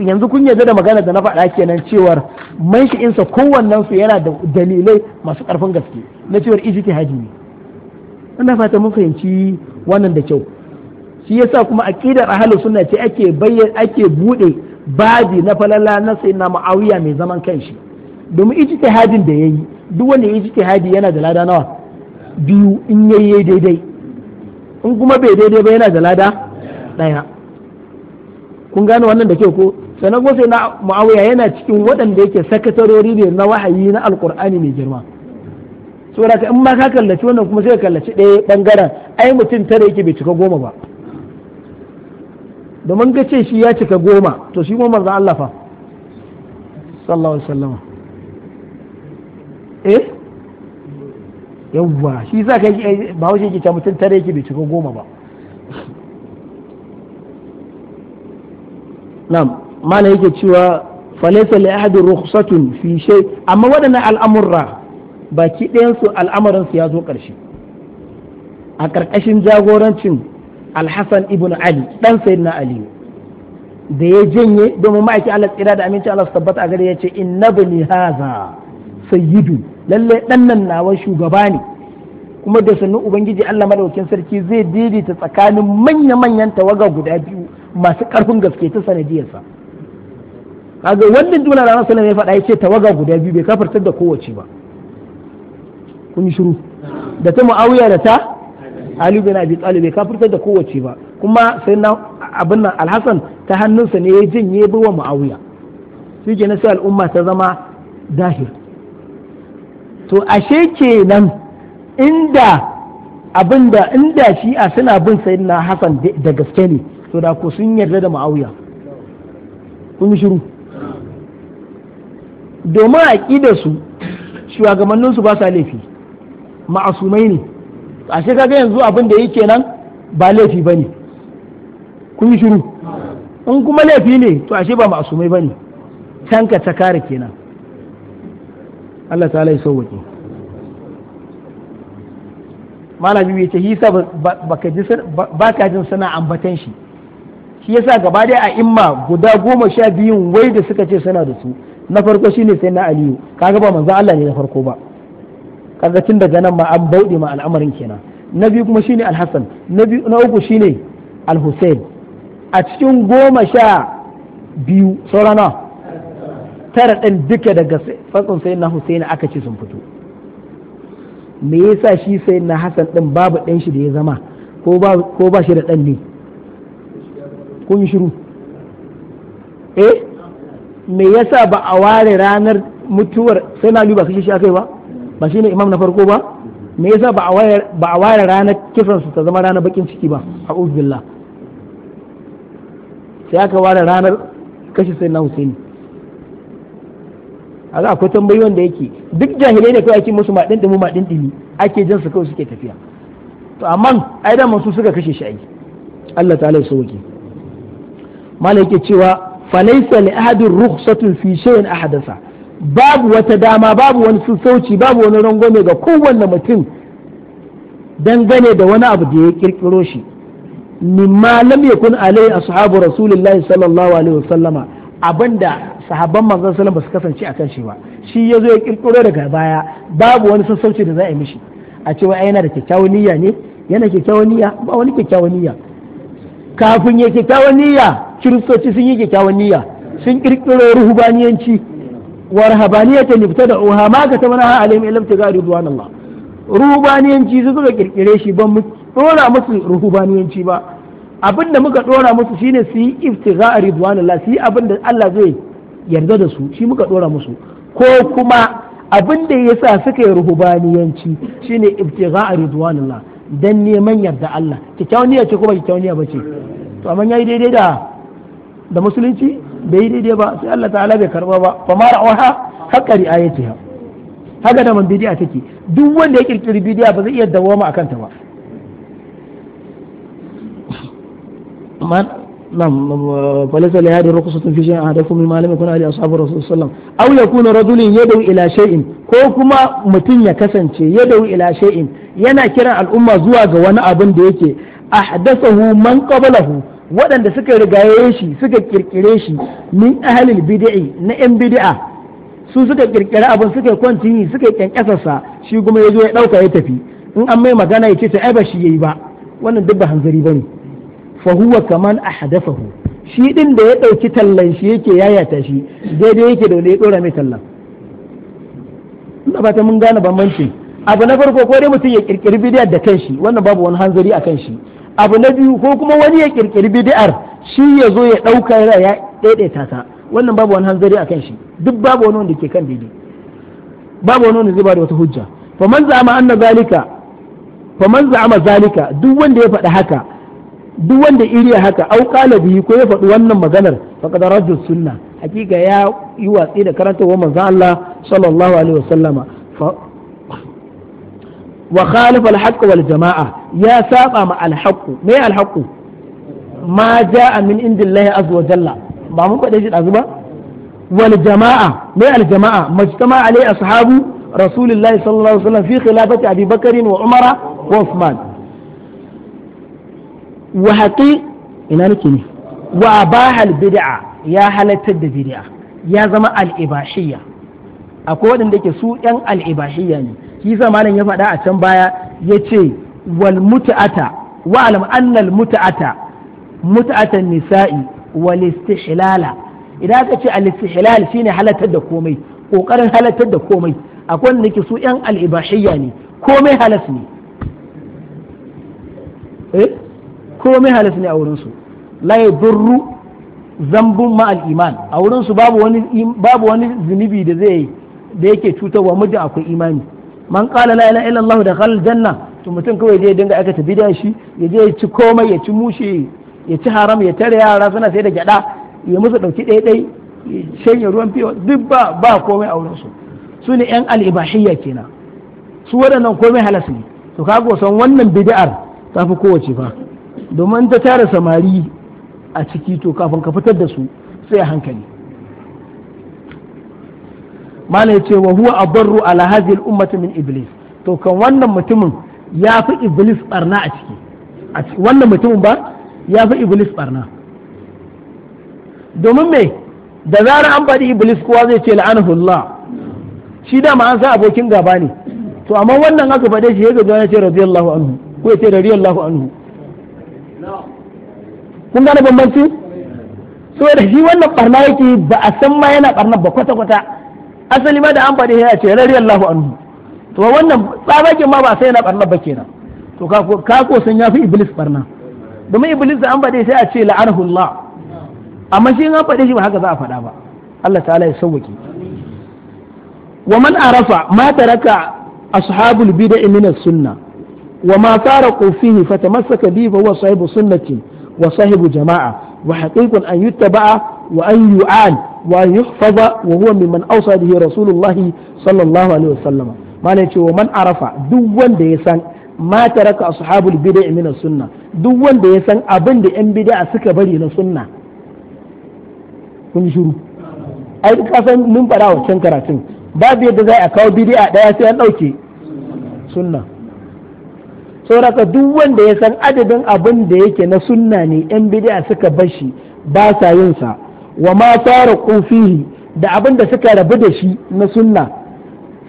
yanzu kun yarda da magana da na faɗa kenan cewar man shi insa kowannen su yana da dalilai masu ƙarfin gaske na cewar ijtihadi e ne ina fata mun fahimci wannan da kyau shi yasa kuma aqidar ahlus sunna ce ake bayyan ake bude babi na falala na sayyidina muawiya mai zaman kanshi domin ijtihadin e da yayi duk wanda ya ijtihadi e yana da lada nawa biyu in yi daidai in kuma bai daidai ba yana da lada daya kun gane wannan da kyau ko sannan kuma sai na muawiya yana cikin waɗanda yake sakatarori ne na wahayi na alkur'ani mai girma saboda ka in ma ka kallaci wannan kuma sai ka kallaci ɗaya bangaren ai mutum tare yake bai cika goma ba domin ga ce shi ya cika goma to shi kuma manzo Allah fa sallallahu alaihi wasallam eh yawwa shi za kai yi eh, ba haushe ke mutum tare yake bai cika goma ba na'am mana yake cewa falaisa li ahadin rukhsatun fi shay amma wadannan al'amurra baki ɗayansu al'amarinsu ya zo ƙarshe a ƙarƙashin jagorancin alhassan ibn ali ɗan sayyidina aliyu da ya janye domin ma'aiki Allah tsira da aminci Allah su tabbata a gare ya ce inna bani haza sayyidu lalle ɗan nan nawa shugaba ne kuma da sannu ubangiji Allah madaukakin sarki zai daidaita tsakanin manya manyan tawaga guda biyu masu ƙarfin gaske ta sanadiyarsa kaga wannan jumla da Rasulullah ya faɗa ya ce tawaga guda biyu bai kafartar da kowace ba kun shiru da ta muawiya da ta ali bin abi talib bai furta da kowace ba kuma sai na abin nan alhassan ta hannunsa ne ya yi wa muawiya shi ke sai al'umma ta zama dahir to ashe kenan inda abin da inda a suna bin na hassan da gaske ne to da ko sun yarda da muawiya kun shiru domin a su shugabanninsu ba sa laifi ma'asumai ne a shi kaga yanzu abin da yake nan ba laifi ba ne kun yi shiru in kuma laifi ne to ashe ba ma'asumai ba ne can ta kare kenan Allah ta ya sauwaƙe malami ya ce hisa ba ka jin sana ambatan shi shi yasa gaba dai a imma guda goma sha biyun wai da suka ce suna da su na farko shine sai na aliyu kaga ba manzo Allah ne na farko ba kaga tun daga nan ma an bauɗe ma al'amarin kenan na biyu kuma shine Alhassan na biyu na uku shine Alhussein a cikin goma sha biyu saurana tara ɗin duka daga tsatson sai na hussein aka ce sun fito me yasa shi sai na Hassan ɗin babu ɗan shi da ya zama ko ba shi da ɗan ne kun yi shiru eh me yasa ba a ware ranar mutuwar sai na ba kashe shi aka yi ba ba shine imam na farko ba me yasa ba a ware ranar kisan su ta zama ranar bakin ciki ba a billah sai aka ware ranar kashi sai na husaini a akwai tambayoyin da yake duk jahilai ne kawai ake musu maɗin ɗimi ake jan su kawai suke tafiya to amma ai da su suka kashe shi ai Allah ta'ala ya soke malai yake cewa falaysa li ahadin rukhsatun fi shay'in ahadasa babu wata dama babu wani sassauci babu wani rangwame ga kowanne mutum dangane da wani abu da ya kirkiro shi mimma lam yakun alai ashabu rasulullahi sallallahu alaihi wasallama abinda sahabban manzon sallallahu basu kasance akan shi ba shi yazo ya kirkiro daga baya babu wani sassauci da za a yi mishi a ce wai yana da kyakkyawan niyya ne yana kyakkyawan niyya ba wani kyakkyawan niyya kafin ya kyakkyawan niyya kiristoci sun yi kyakkyawan niyya sun kirkiro ruhubaniyanci wa rahabaniyatan ibtada'uha ma ha alaihim illam tagadu Allah ruhubaniyanci su suka kirkire shi ban mu dora musu ruhubaniyanci ba abinda muka dora musu shine su yi ibtigha'a ridwanillah su yi abinda Allah zai yarda da su shi muka dora musu ko kuma abinda yasa suka yi ruhubaniyanci shine ridwan Allah dan neman yarda Allah kikkiawniya ce ko ba kikkiawniya bace to amma yayi daidai da da musulunci bai daidai ba sai Allah ta'ala bai karba ba fa ma ra'aha haqqa ri'ayatiha haka da man bidiya take duk wanda ya kirkiri bidiya ba zai iya dawoma akan ta ba man nam falasa la yadi rukusatun fi shay'in ahadakum ali ashabu aw yakuna yadu ila shay'in ko kuma mutum ya kasance yadu ila shay'in yana kiran al'umma zuwa ga wani abin da yake ahdathahu man qablahu waɗanda suka rigaye shi suka kirkire shi min ahalil bid'i na yan bid'a su suka kirkire abin suka kwantini suka kyankyasarsa shi kuma ya zo ya ɗauka ya tafi in an mai magana ya ce ta ba shi yayi ba wannan duk ba hanzari ba ne fa a kaman fahu shi din da ya ɗauki tallan shi yake yayata shi daidai yake da wanda ya ɗora mai tallan ina ba ta mun gane bambancin abu na farko ko dai mutum ya ƙirƙiri bidiyar da kanshi wannan babu wani hanzari a kan shi abu na biyu ko kuma wani ya kirkiri bid'ar shi ya zo ya ɗauka yana ya ɗaiɗaita ta wannan babu wani hanzari a kan shi duk babu wani wanda ke kan daidai babu wani wanda zai ba da wata hujja faman za'ama anna zalika faman za'ama zalika duk wanda ya faɗi haka duk wanda iriya haka au qala bihi ko ya faɗi wannan maganar faqad rajul sunna hakika ya yi watsi da karantawar manzon Allah sallallahu alaihi wasallama wa khalafa al-haqq wal jama'a ya saba ma al-haqq me al-haqq ma jaa min indillahi azza wa jalla ba mun faɗe shi dazu ba wal jama'a me al-jama'a majtama alai ashabu rasulillahi sallallahu alaihi wasallam fi khilafati abi bakr wa umara wa usman wa haqi ina nake ne wa abaha al-bid'a ya halatta da bid'a ya zama al-ibashiyya akwai waɗanda ke su 'yan al'ibahiyya ne yasa malam ya faɗa a can baya ya ce wal mutu'ata wa alam annal mutu'ata mutu'atan nisa'i wal istihlala idan aka ce al istihlal shine halatar da komai kokarin halatar da komai akwai wanda su yan al ibahiyya ne komai halas ne eh komai halas ne a wurin su la yadurru zambun ma al iman a wurin su babu wani babu wani zunubi da zai da yake cutarwa muddin akwai imani man qala la ilaha illallah da khal janna to mutum kawai je dinga aka ta bid'a shi ya je ci komai ya ci mushe ya ci haram ya tare yara suna sai da gyada ya musu dauki ɗaiɗai ya shanye ruwan fiye duk ba ba komai a wurin su su ne yan al'ibahiyya kenan su waɗannan komai halas ne to kaga san wannan bid'ar ta fi kowace fa domin ta tara samari a ciki to kafin ka fitar da su sai a hankali malai ce wa huwa abarru ala hadhihi ummati min iblis to kan wannan mutumin ya fi iblis barna a ciki wannan mutumin ba ya fi iblis barna domin me da zarar an faɗi iblis kowa zai ce la'anahullah shi dama an sa abokin gaba ne to amma wannan aka faɗe shi ya gaza ya ce radiyallahu anhu ko ya ce radiyallahu anhu kun gane bambanci saboda shi wannan barna yake ba a san ma yana barna ba kwata kwata asali ma da an faɗi ya ce rari Allahu anhu to wannan tsabakin ma ba sai na barna ba kenan to ka ko san yafi iblis barna domin iblis da an faɗi sai a ce la'anahu Allah amma shi an faɗi shi ba haka za a faɗa ba Allah ta'ala ya sauwake wa man arafa ma taraka ashabul bid'a min as-sunnah wa ma faraqu fihi fatamassaka bihi fa huwa sahibu sunnati wa sahibu jama'a wa haqiqan an yuttaba wa an yu'an وأن يحفظ وهو ممن أوصى به رسول الله صلى الله عليه وسلم ما نتي ومن عرف دون ديسان ما ترك أصحاب البدع من السنة دون ديسان أبن دي أن بدع سكبري للسنة kun shiru ai ka san mun fara karatun babu yadda za a kawo bid'a daya sai an dauke sunna sauraka duk wanda ya san adadin abin da yake na sunna ne yan bid'a suka bashi ba sa yin sa wa ma taraku fihi da abin da suka rabu da shi na sunna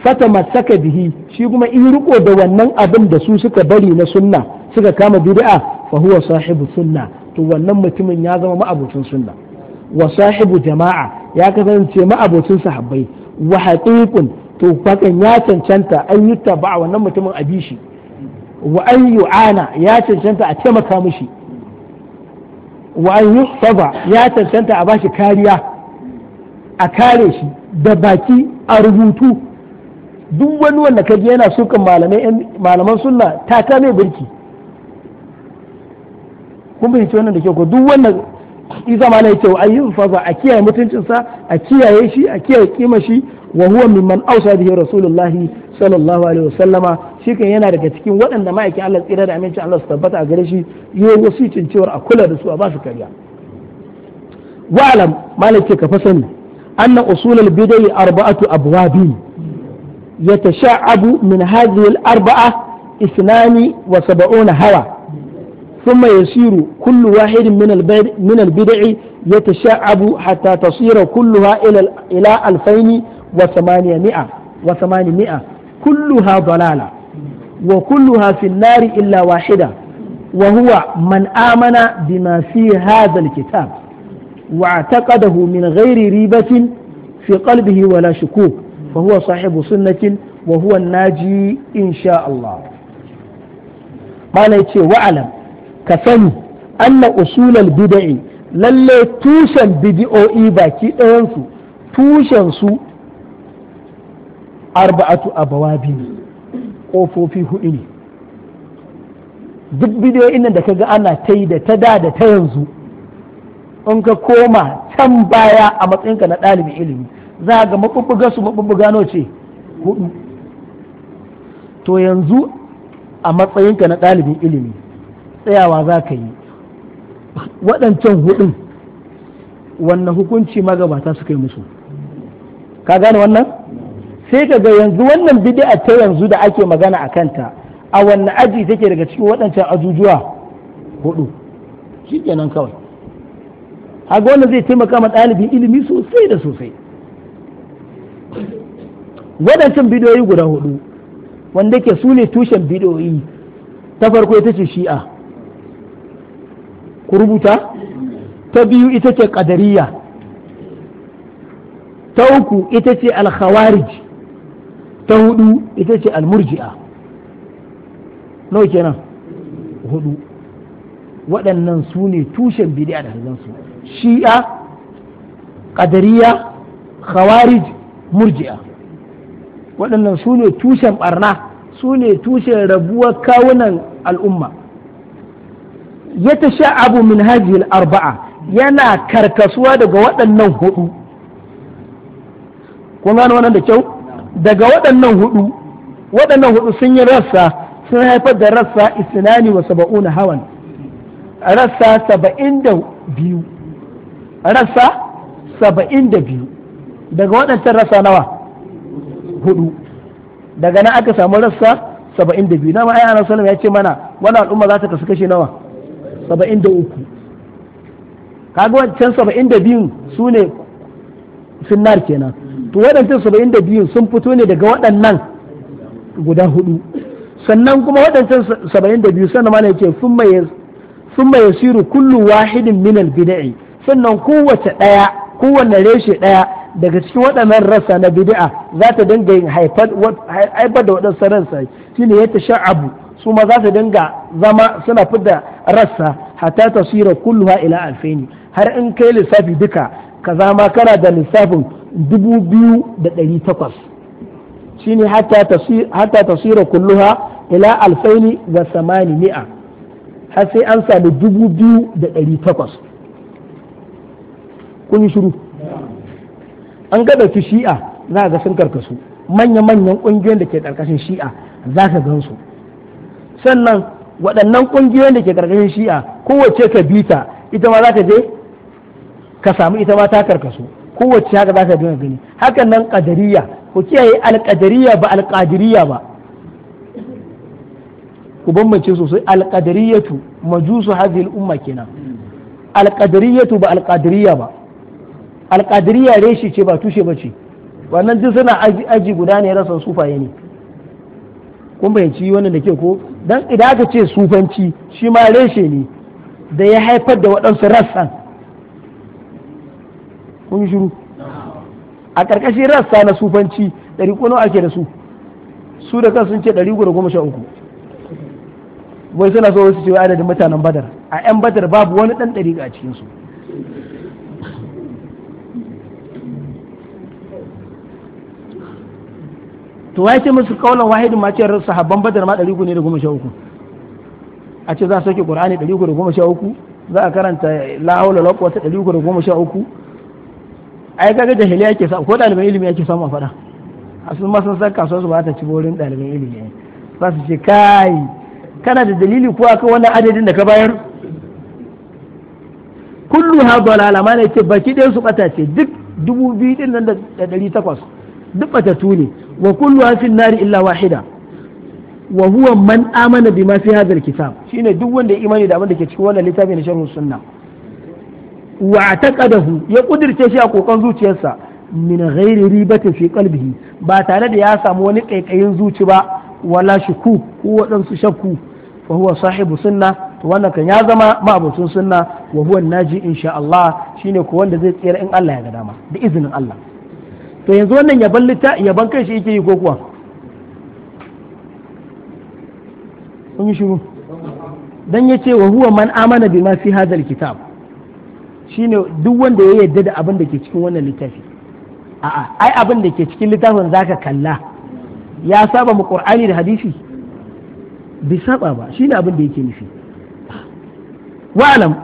fata masaka bihi shi kuma in riko da wannan abin da su suka bari na sunna suka kama bid'a fa huwa sahibu sunna to wannan mutumin ya zama ma'abocin sunna wa sahibu jama'a ya kasance ma'abocin sahabbai wa haqiqun to fakan ya cancanta an yi taba wannan mutumin a shi. wa an ana ya cancanta a taimaka mishi wa yuhfaza ya tantanta a bashi kariya a kare shi da baki a rubutu duk wani wanda ji yana sukan malaman sunna ta kame birki kun fahimci wannan da ke ko duk wannan isa ma na yake wa ayyuka a kiyaye mutuncinsa a kiyaye shi a kiyaye kima shi wa huwa mimman ausa bihi rasulullahi sallallahu alaihi wasallama shi kan yana daga cikin waɗanda ma'aikin Allah tsira da amincin Allah su tabbata a gare shi yayi wasicin cewar a kula da su a ba su kariya wa'lam malaka ka fasani anna usulul bidai arba'atu abwabin يتشعب من arba'a الأربعة wa sab'una hawa ثم يسير كل واحد من من البدع يتشعب حتى تصير كلها إلى ila ألفين wa samaniya mi'a wa samani mi'a wa kulluha fi nari illa wahida wa huwa man amana bima fi hadha alkitab wa i'taqadahu min ghairi ribatin fi qalbihi wala shukuk fa huwa sahibu sunnatin wa huwa naji insha Allah mana yace wa'alam ka sani anna usulal bid'i lalle tushen bid'o'i baki ɗayansu tushen su arba'atu biyu kofofi hudu ne duk bidiyo ina da ka ga ana ta yi da ta da da ta yanzu in ka koma can baya a matsayinka na ɗalibin ilimi za ga mabubbuga su mabubbuga no ce hudu to yanzu a matsayinka na ɗalibin ilimi tsayawa za ka yi waɗancan hudun wannan hukunci magabata suka yi musu ka gane wannan sai ka ga yanzu wannan bid'a ta yanzu da ake magana a kanta a wanne aji take daga cikin waɗancan ajujuwa hudu kenan kawai haga wannan zai taimaka ma ɗalibin ilimi sosai da sosai waɗancan bidiyoyi guda hudu wanda ke su ne tushen bidiyoyi ta farko ita ce shi'a ku rubuta ta biyu ita ce ƙadariya ta uku ita ce alkhawarij ta hudu ita ce almurji'a nawa kenan hudu waɗannan su ne tushen bidi'a da su shi'a ƙadariya khawarij murji'a waɗannan su ne tushen ɓarna su ne tushen rabuwar kawunan al'umma ya ta sha abu min hajjil arba'a yana karkasuwa daga waɗannan hudu kun gano wannan da kyau daga waɗannan hudu waɗannan hudu sun yi rassa sun haifar da rassa isnani wa saba'una hawan rassa saba'in da biyu rassa saba'in da biyu daga waɗancan rassa nawa hudu daga nan aka samu rassa saba'in da biyu na ma'ai ana salam ya ce mana wani al'umma za ta kasu kashe nawa saba'in da uku kaga wancan saba'in da biyun su ne sunnar kenan to waɗancan saba'in da biyu sun fito ne daga waɗannan guda hudu sannan kuma waɗancan saba'in da biyu sannan mana yake sun mai yasiru kullu wahidin minal bida'i sannan kowace ɗaya kowane reshe ɗaya daga cikin waɗannan rasa na bida'a za ta dinga yin haifar da waɗansu shi ne ya tasha'abu su ma za su dinga zama suna fidda rassa hatta tasira kulluha ila alfaini har in kai lissafi duka ka zama kana da lissafin dubu biyu da ɗari takwas shine tasira kulluha ila alfaini wa samani ni'a har sai an sami dubu biyu da ɗari takwas kun yi shiru an gada ki shi'a za ga sun karkasu manya-manyan ƙungiyoyin da ke ƙarƙashin shi'a za ka gan su sannan waɗannan ƙungiyoyin da ke ƙarƙashin shi'a kowace ka bita ita ma za ka je ka samu ita ma ta karkasu kowace haka za ka dinga gani hakan nan kadariya ku kiyaye alqadariya ba alqadiriya ba ku bambance sosai alqadariyatu majusu hadhihi al-umma kenan alqadariyatu ba alqadiriya ba alqadiriya reshi ce ba tushe ba ce wannan duk suna aji guda ne rasan sufaye ne kun bayanci wannan da ke ko dan idan aka ce sufanci shi ma reshe ne da ya haifar da waɗansu rassan kun shiru a ƙarƙashin rassa na sufanci ɗari nawa ake da su su da kan sun ce ɗari guda goma sha uku wai suna so su ce adadin mutanen badar a 'yan badar babu wani ɗan ɗari a cikinsu to ya ce musu kaulan wahidin ma ce habban badar ma ɗari ne da goma sha uku a ce za a soke ƙur'ani ɗari uku da goma sha uku za a karanta la lakwata ɗari uku da goma sha uku ai kaga jahiliya yake samu ko dalibin ilimi yake samu a faɗa a sun ma sun san kasuwar su ba ta ci borin dalibin ilimi za su ce kai kana da dalili ko akan wannan adadin da ka bayar kullu ha dalala ma ne ce baki ɗayan su bata ce duk dubu biyu din nan da dari takwas duk bata tuni wa kullu ha fil nari illa wahida wa huwa man amana bima fi hadha kitab shine duk wanda ya imani da abin da ke cikin wannan littafin na sharh sunna wa taqadahu ya kudirce shi a kokon zuciyarsa min ghairi ribati fi qalbihi ba tare da ya samu wani kaikayin zuci ba wala shuku ko su shakku fa huwa sahibu sunna to wannan kan ya zama ma'abucin sunna wa huwa naji insha Allah shine ko wanda zai tsira in Allah ya ga dama da izinin Allah to yanzu wannan yaban lita yaban kai shi yake yi ko kuwa shiru dan yace wa huwa man amana bima fi hadal kitab shine duk wanda ya yarda da abin da ke cikin wannan littafi a'a ai abin da ke cikin littafin zaka kalla ya saba mu qur'ani da hadisi bai saba ba shine abin da yake nufi wa'lam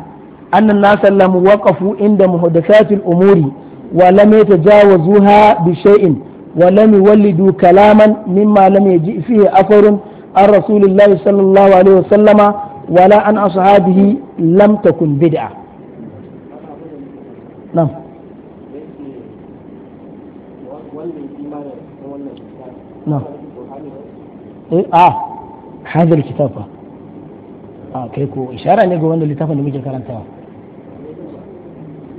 anna an-nas lam waqafu inda muhdathat al-umuri wa lam yatajawazuha bi shay'in wa lam yuwallidu kalaman mimma lam yaji fihi afarun an rasulillahi sallallahu alaihi wasallama wala an ashabihi lam takun bid'ah nan nan eh a hadar kitafa a kai ko ishara ne ga wanda littafin da muke karantawa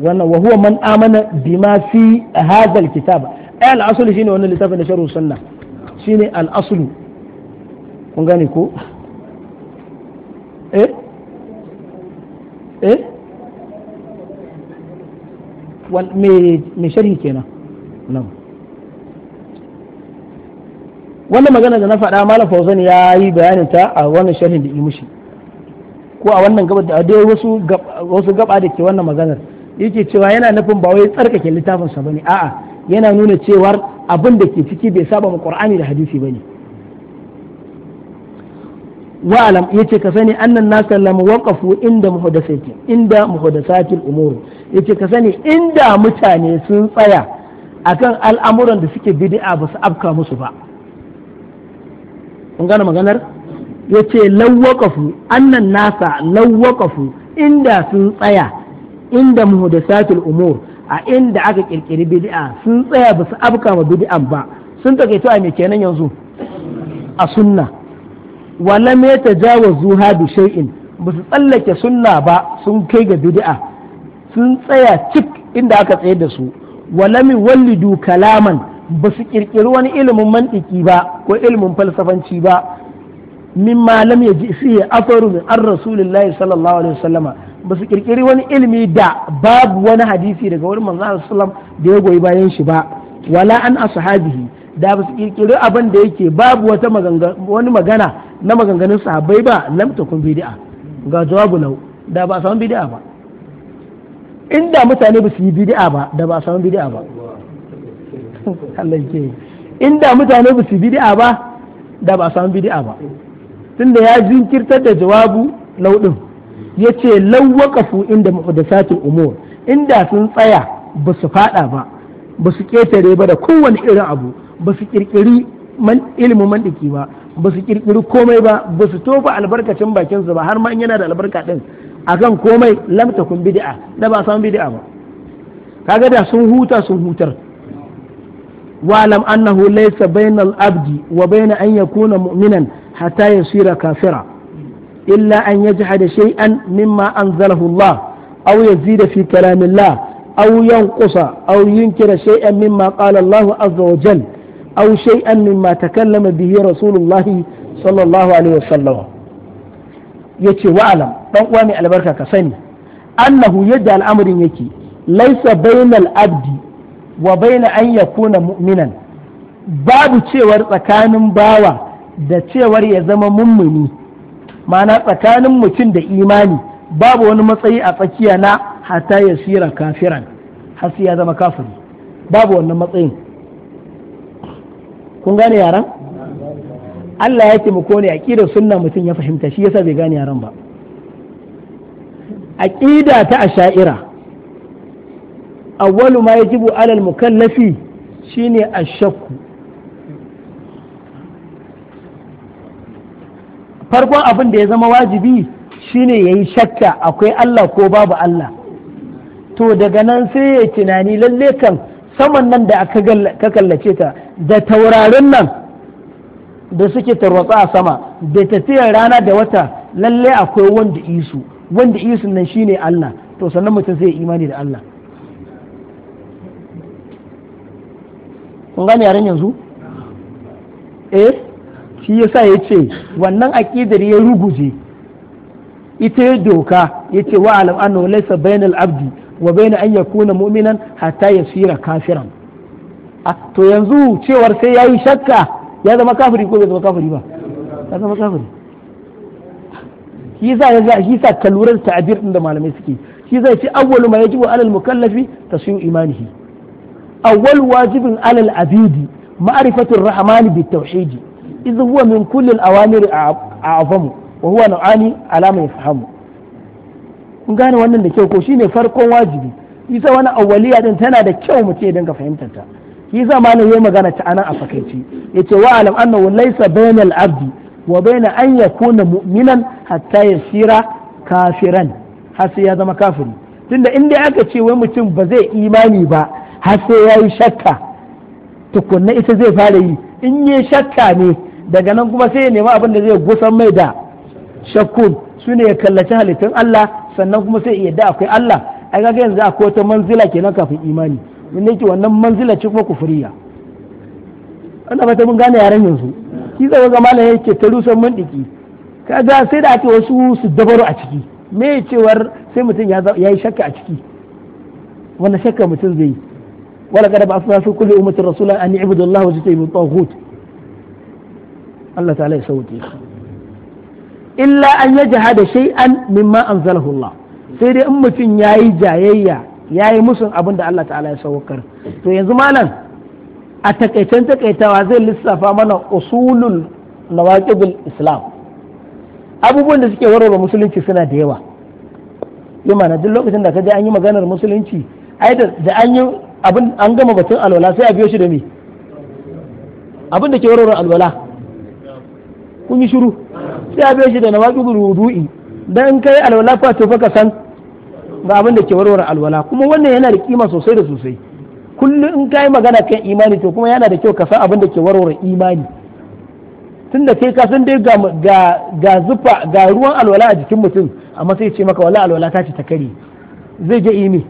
wannan wa huwa man amana bima fi hadha alkitab ay al-asl shine wannan littafin da sharh sunna shine al-asl kun gane ko eh eh mai sharhi kenan nan wannan magana da na faɗa malam fauzan ya yi bayanin ta a wannan sharhin da ya mushi ko a wannan gaba da dai wasu wasu gaba da ke wannan maganar yake cewa yana nufin ba wai tsarkake littafin sa bane a'a yana nuna cewar abin da ke ciki bai saba mu Qur'ani da hadisi bane wa'alam yace ka sani annan nasa waqafu inda muhdasati inda muhaddasatil umur yace ka sani inda mutane sun tsaya akan al'amuran da suke bid'a ba su afka musu ba kun gane maganar yace lawwaqafu annan nasa lawwaqafu inda sun tsaya inda muhdasatul umur a inda aka kirkiri bid'a sun tsaya ba su afka ma bid'an ba sun take a me kenan yanzu a sunna wala me tajawazu hadu shay'in ba su tsallake sunna ba sun kai ga bid'a sun tsaya cik inda aka tsayar da su walami wallidu kalaman ba su kirkiri wani ilimin mantiki ba ko ilimin falsafanci ba ya ya ji ya afaru min an rasulillahi sallallahu alaihi wasallama ba su kirkiri wani ilimi da babu wani hadisi daga wurin manzo sallam da ya goyi bayan shi ba wala an ashabihi da ba su kirkiri abin da yake babu wata wani magana na maganganun sahabbai ba lam takun bid'a ga jawabu lau da ba a samu bid'a ba inda mutane ba su yi bid'a ba da ba samu bid'a ba Allah inda mutane ba su yi bid'a ba da ba samu bid'a ba tunda ya jinkirtar da jawabu laudin yace waqafu inda muhdathatul umur inda sun tsaya ba su fada ba ba su ketare ba da kowane irin abu ba su kirkiri ilimin mandiki ba ba su kirkiri komai ba ba su tofa albarkacin bakinsu ba har ma yana da albarka din akan komai lamtakun bid'a da ba san bid'a ba kaga da sun huta sun hutar wa'lam annahu laysa bainal abdi wa baina an yakuna mu'minan hatta yasira kafira illa an yajhada shay'an mimma anzalahu Allah aw yazida fi kalam Allah aw yanqusa aw yunkira shay'an mimma qala Allah azza wa jalla aw shay'an mimma takallama bihi rasulullah sallallahu alaihi wasallam Ya ce wa'alam ɗan uwa mai albarka ka sani annahu yadda al'amarin yake laisa bainal abdi wa baina an kuna mu'minan babu cewar tsakanin bawa da cewar ya zama mummuni mana tsakanin mutum da imani babu wani matsayi a tsakiya na hata ya sira kafiran har ya zama kafiri babu wannan matsayin kun gane yaran Allah ya ce kone a aqidar sunna mutum ya fahimta shi yasa bai gane yaran ba aqida ta asha'ira awwalu ma yajibu alal mukallafi shine ash-shakku farkon abin da ya zama wajibi shine yayi shakka akwai Allah ko babu Allah to daga nan sai ya tunani lalle kan saman nan da aka kakallace ta da taurarin nan da suke tarwatsa a sama da tafiyar rana da wata lallai akwai wanda isu wanda isu nan shine Allah to sannan mutum zai imani da Allah kun gane yaren yanzu eh shi yasa ya ce wannan aƙidar ya ruguje ita ya doka ya ce wa alam annahu laysa bainal abdi wa bain an yakuna mu'minan hatta yasira kafiran ah, to yanzu cewar sai yayi shakka ya zama kafiri ko bai zama kafiri ba ya zama kafiri shi ya ka lura da ta'abir din da malamai suke shi zai ce awwalu ma yajibu alal mukallafi tasyu imanihi awwal wajibin alal abidi ma'rifatu ar-rahman bit tauhid idh huwa min kulli al-awamir a'zamu wa huwa nu'ani ala man yafhamu kun gane wannan da kyau ko shine farkon wajibi isa wani awwaliya din tana da kyau mu ce dinga fahimtar ta shi za malam yayi magana ta anan a fakaici yace wa alam annahu laysa bainal abdi wa baina an yakuna mu'minan hatta yasira kafiran har sai ya zama kafiri tunda in dai aka ce wai mutum ba zai imani ba har sai yayi shakka tukunna ita zai fara yi in yi shakka ne daga nan kuma sai ya nemi abin da zai gusan mai da shakkun su ne ya kallaci halittun Allah sannan kuma sai ya yadda akwai Allah ai ga yanzu akwai wata manzila kenan kafin imani min nake wannan manzila ce kuma kufuriya ana fata mun gane yaren yanzu shi zai ga malam yake ta rusan mun diki kaga sai da ake wasu su dabaru a ciki me cewar sai mutum ya yi shakka a ciki wanda shakka mutum zai yi wala kada ba asna fi kulli ummatin rasulan an ibudu Allah wa jitaybu taghut Allah ta'ala ya sauke illa an yajhada shay'an mimma anzalahu Allah sai dai in mutum yayi jayayya ya yi musun abin da Allah ta'ala ya saukar to yanzu malam a takaicen takaitawa zai lissafa mana usulul nawaqibul islam abubuwan da suke warware musulunci suna da yawa yi mana duk lokacin da ka je an yi maganar musulunci ai da an yi abin an gama batun alwala sai a biyo shi da me abin da ke warware alwala kun yi shiru sai a biyo shi da nawaqibul wudu'i dan kai alwala fa to fa ka san ba abin da ke warware alwala kuma wannan yana da kima sosai da sosai kullum in kai magana kan imani to kuma yana da kyau ka san abin da ke warware imani tun da kai ka san dai ga ga zufa ga ruwan alwala a jikin mutum amma sai ce maka wallahi alwala ta ce ta kare zai je imi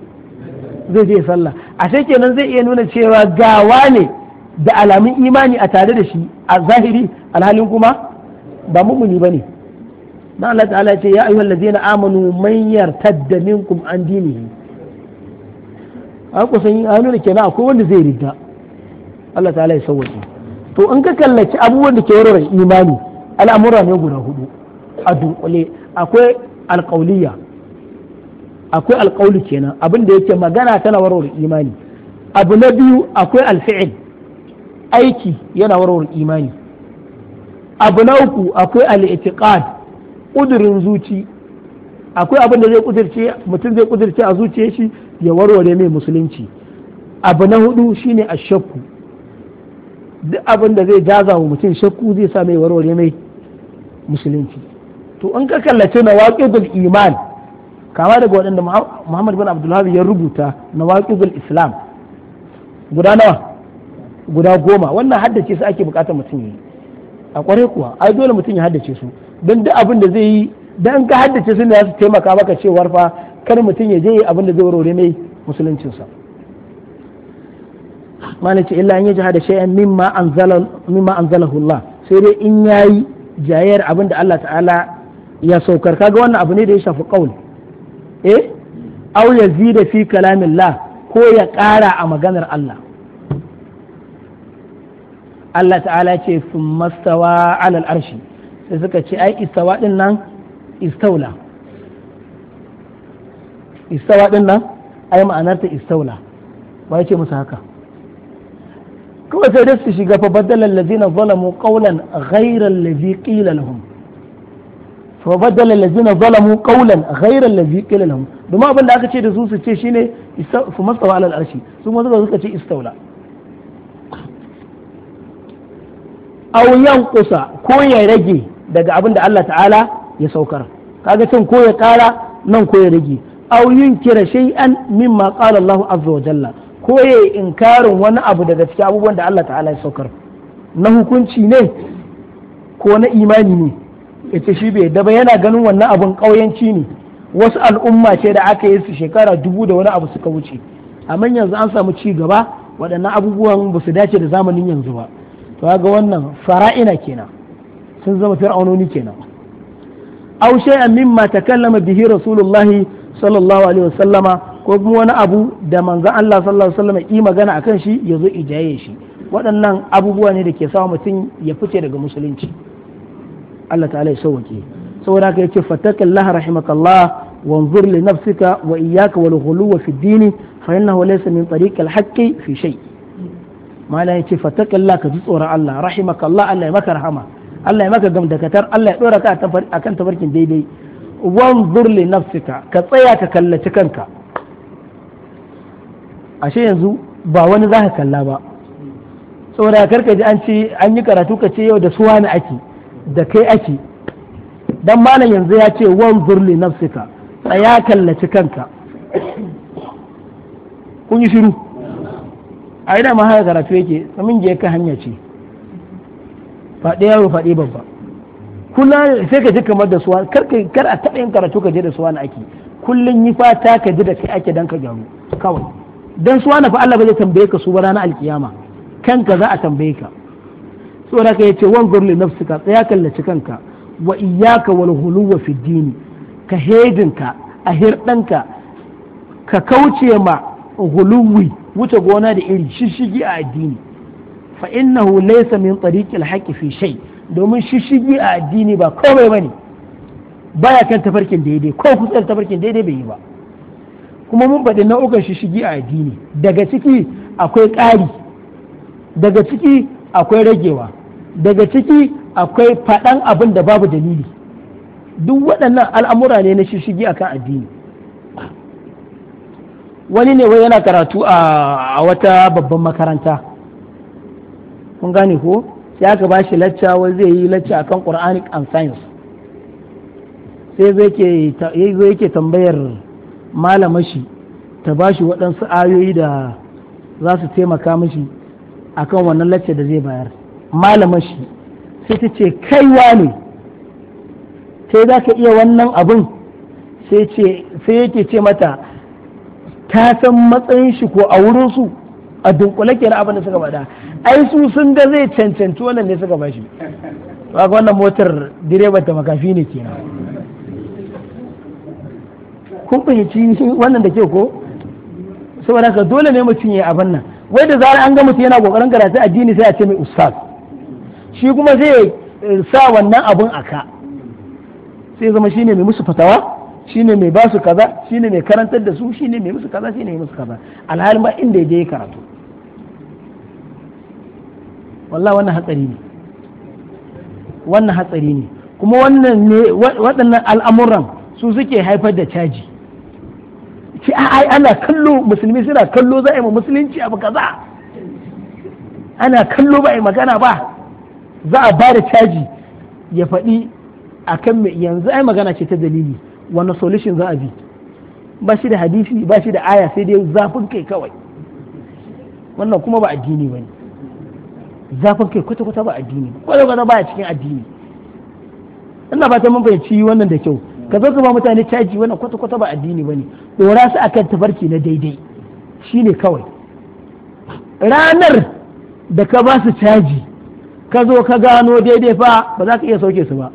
zai je sallah sai kenan zai iya nuna cewa gawa ne da alamun imani a tare da shi a zahiri alhalin kuma ba mumuni bane dan Allah ta'ala ce ya ayyuhal ladina amanu man yartadda minkum an dinihi aku san ya nuna kenan akwai wanda zai ridda Allah ta'ala ya sauwaje to in ka kallaci abubuwan da ke warware imani al'amura ne guda hudu a dunkule akwai alqauliya akwai alqauli kenan abinda yake magana tana warware imani abu biyu akwai alfi'il aiki yana warware imani abu uku akwai al'itikad. ƙudurin zuci akwai abin da zai ƙudurce mutum zai ƙudurce a zuciya shi ya warware mai musulunci abu na hudu shine a shakku duk abin da zai jaza wa mutum shakku zai sa mai warware mai musulunci to in ka kallace na waƙidul iman kama daga waɗanda muhammad bin abdullahi ya rubuta na waƙidul islam guda nawa guda goma wannan haddace su ake bukatar mutum yi a kware kuwa ai dole mutum ya haddace su don duk abin da zai yi dan ka haddace sun da su taimaka maka cewar fa kar mutum ya je abin da zai warware mai musuluncinsa ce illa an jihar da shay'an mimma anzala sai dai in ya yi jayayar abin da Allah ta'ala ya saukar kaga wannan abu ne da ya shafi qaul eh zi da fi kalamin la ko ya ƙara a maganar Allah Allah ta'ala ce sun mastawa alal arshi sai suka ce ai istawa din nan istaula istawa din nan ai ma'anar ta istaula ba ya ce musu haka kawai sai dai su shiga fa badala allazina zalamu qawlan ghayra allazi qila lahum fa badala allazina zalamu qawlan ghayra allazi qila lahum domin abin da aka ce da su su ce shine su masawa alal arshi su ma suka ce istaula aw yanqusa ko ya rage daga abin da Allah ta'ala ya saukar kaga cin ko ya kara nan ko ya rage aw kira shay'an mimma qala Allah azza wa jalla ko ya inkarin wani abu daga cikin abubuwan da Allah ta'ala ya saukar na hukunci ne ko na imani ne yace shi bai da ba yana ganin wannan abun kauyanci ne wasu al'umma ce da aka yi su shekara dubu da wani abu suka wuce amma yanzu an samu ci gaba waɗannan abubuwan ba su dace da zamanin yanzu ba to ga wannan fara'ina kenan sun zama fir'aunoni kenan aw shay'an mimma takallama bihi rasulullahi sallallahu alaihi wasallama ko kuma wani abu da manzon Allah sallallahu alaihi wasallama yi magana akan shi yazo ijaye shi waɗannan abubuwa ne da ke sawa mutum ya fice daga musulunci Allah ta'ala ya sauke saboda haka yace fattakallah rahimakallah وانظر لنفسك وإياك والغلو في الدين فإنه ليس من haqqi fi shay شيء ما لا يتفتك ji كجزء Allah rahimakallah Allah ya maka rahama. Allah ya maka gam dakatar Allah ya dora ka a kan tafarkin daidai wan zurli nafsika ka tsaya ka kallaci kanka ashe yanzu ba wani za ka kalla ba saboda karka ji an ce an yi karatu ka ce yau da su wani ake da kai ake dan malam yanzu ya ce wan zurli nafsika tsaya kallaci kanka kun yi shiru a idan ma haka karatu yake tsamin je ka hanya ce faɗi yaro faɗi babba kula sai ka ji kamar da suwa kar a taɓa yin karatu ka je da suwa na ake kullum yi fata ka ji da kai ake dan ka gyaru kawai dan suwa na fa Allah ba zai tambaye ka su ba ranar alkiyama kanka za a tambaye ka saboda ka yace wan gurli nafsika tsaya kallaci kanka wa iyyaka wal huluwa fi dini ka hedinka a hirɗanka ka kauce ma huluwi wuce gona da iri shishigi a addini fa innahu laysa min tariqil haqqi fi shay domin shishigi a addini ba komai bane baya kan tafarkin daidai ko kusa da tafarkin daidai bai yi ba kuma mun faɗi nau'ukan shishigi a addini daga ciki akwai ƙari daga ciki akwai ragewa daga ciki akwai faɗan abin da babu dalili duk waɗannan al'amura ne na shishigi a kan addini wani ne wai yana karatu a wata babban makaranta kun gane ko sai aka ba shi lacca wai zai yi lacca akan quranic and science sai zai yake tambayar malamar shi ta ba shi waɗansu ayoyi da za su taimaka mishi akan wannan lacca da zai bayar malamar shi sai ta ce kaiwa ne sai za ka iya wannan abin sai yake ce mata ta san matsayin shi ko a wurin su. a dunkule kenan abin da suka bada, ai su sun ga zai cancanci wannan ne suka bashi ba wannan motar direban ta makafi ne kenan kun fahimci wannan da ke ko saboda ka dole ne mutum ya abin nan wai da zarar an ga mutum yana kokarin karatu addini sai a ce mai ustaz shi kuma zai sa wannan abun aka sai zama shine mai musu fatawa shine mai ba su kaza shine mai karantar da su shine mai musu kaza shine mai musu kaza alhalin ba inda je karatu wallahi wannan hatsari ne wannan hatsari ne kuma wannan ne waɗannan al'amuran su suke haifar da caji ci ai ana kallo musulmi suna kallo za a yi musulunci abu kaza ana kallo ba a yi magana ba za a ba da caji ya faɗi akan yanzu ai magana ce ta dalili wani solution za a bi ba shi da hadisi ba shi da aya sai dai zafin kai kawai wannan kuma ba addini ba ne zafin kai kwata-kwata ba addini kwata-kwata ba a cikin addini ina ta mun fahimci wannan da kyau ka zo ka ba mutane caji wannan kwata-kwata ba addini ba ne dora su akan tafarki na daidai shine kawai ranar da ka ba su caji ka zo ka gano daidai fa ba za ka iya sauke su ba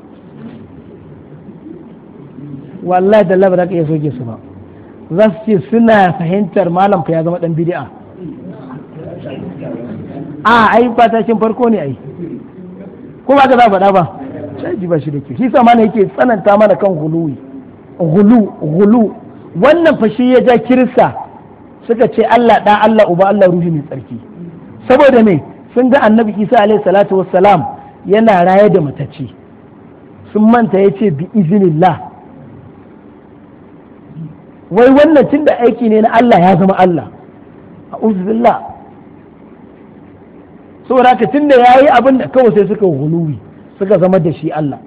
wallahi da labar ka iya soke su ba za su ce suna fahimtar malam ka ya zama dan bid'a a ai kwatashin farko ne ai ko ba ka za faɗa ba shaji ba shi da ke shi sa mana yake tsananta mana kan huluwi hulu hulu wannan fa shi ya ja kirista suka ce Allah da Allah uba Allah ruhi mai tsarki saboda me sun ga annabi Isa alaihi salatu wassalam yana raye da matacce sun manta ya ce bi iznillah wai wannan tun da aiki ne na Allah ya zama Allah a billah saboda haka tun da ya yi abin da kawai sai suka huluwi suka zama da shi Allah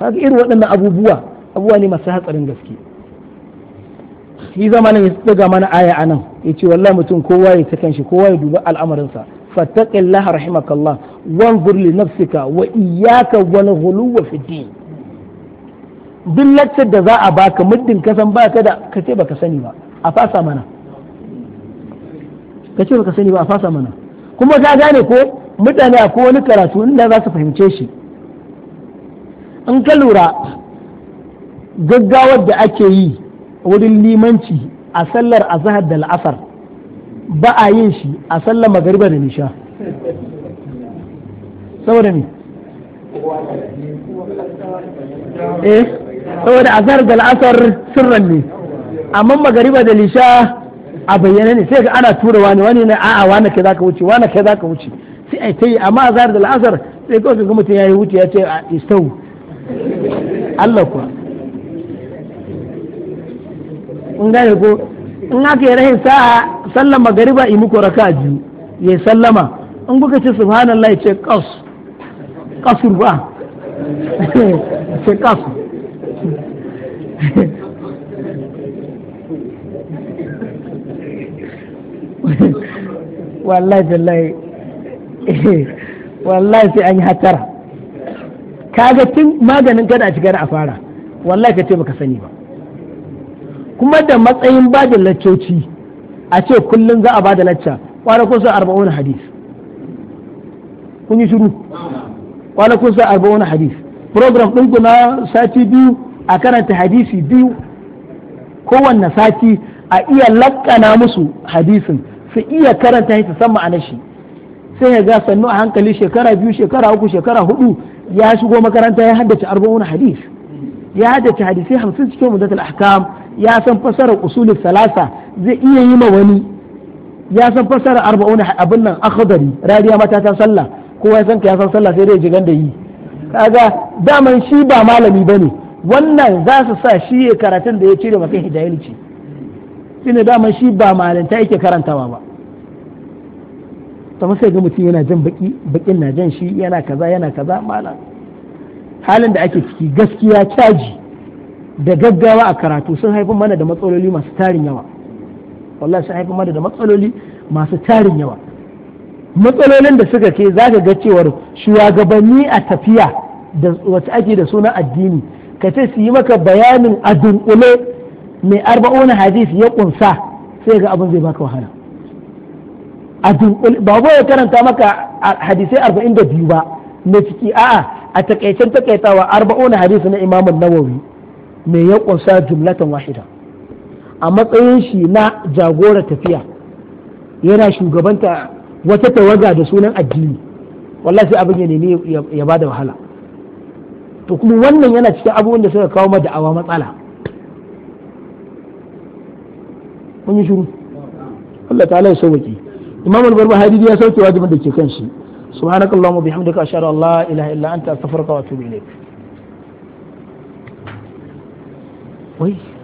haka irin waɗannan abubuwa abubuwa ne masu hatsarin gaske shi zama nan ya daga mana aya a nan ya ce wala mutum kowa ya takan shi kowa ya duba al'amarinsa fattaqillah rahimakallah wanzur li nafsika wa iyyaka wal ghuluw fi din duk laccar da za a baka muddin ka san baka da ka ce baka sani ba a fasa mana ka ce baka sani ba a fasa mana kuma ka gane ko mutane ko wani karatu inda za su fahimce shi in ka lura gaggawar da ake yi wurin limanci a sallar azahar da la'asar ba a yin shi a sallar magariba da nisha saboda ne eh saboda azhar da la'asar sirran ne amma magariba da lisha a bayyane ne sai ga ana tura wani wani ne a'a wani kai zaka wuce wani kai zaka wuce sai ai tayi amma azhar da la'asar sai kawai ga mutum yayi wuce ya ce a ah, istau Allah kuwa in gane ko in aka yi rahin sa'a sallan magariba yi muku raka biyu ya sallama in kuka ce subhanallah ya ce kasu kasu ba <laughs> ce kasu. wallahi billahi wallahi sai an yi hatara kaga tun maganin kada a shigar a fara wallahi ka ce baka sani ba kuma da matsayin ba da laccoci a ce kullum za a ba da lacca kwana kun sa na hadis kun yi shiru kwana kun sa na hadis program ɗin na sati biyu a karanta hadisi biyu kowanne sati a iya lakana musu hadisin su iya karanta shi san ma'anar shi sai ya ga sannu a hankali shekara biyu shekara uku shekara hudu ya shigo makaranta ya haddace arba'un hadis ya haddace hadisai hamsin cikin mudatul ahkam ya san fasara usulul salasa zai iya yi ma wani ya san fasara arba'un abin nan akhdari radiya mata ta sallah kowa ya san ka ya san sallah sai dai jigan da yi kaga daman shi ba malami bane wannan za su sa shi ya karatun da ya cire masa hidayenci shi ne damar shi ba malinta yake karantawa ba ta masu ga mutum yana jan baki bakin na jan shi yana kaza yana kaza malam halin da ake ciki gaskiya caji da gaggawa a karatu sun haifin mana da matsaloli masu tarin yawa wallahi sun haifin mana da matsaloli masu tarin yawa matsalolin da suka ke za ka ga cewar shugabanni a tafiya da wata ake da suna addini ka ce su yi maka bayanin a dunkule mai arba'una hadis ya kunsa sai ga abin zai baka wahala a dunkule ba ya karanta maka hadisai arba'in da biyu ba na ciki a'a a takaicen takaitawa arba'una hadis na imamun nawawi mai ya kunsa jumlatan wahida a matsayin shi na jagora tafiya yana shugabanta wata tawaga da sunan addini wallahi sai abin ya nemi ya bada wahala to kuma wannan yana cikin abubuwan da suka kawo da'awa matsala kun yi shiru Allah ta'ala ya sauwaki imam al-barbahari ya sauke wajibin da ke kan shi subhanakallahumma bihamdika ashhadu an la ilaha illa anta astaghfiruka wa atubu ilayk wai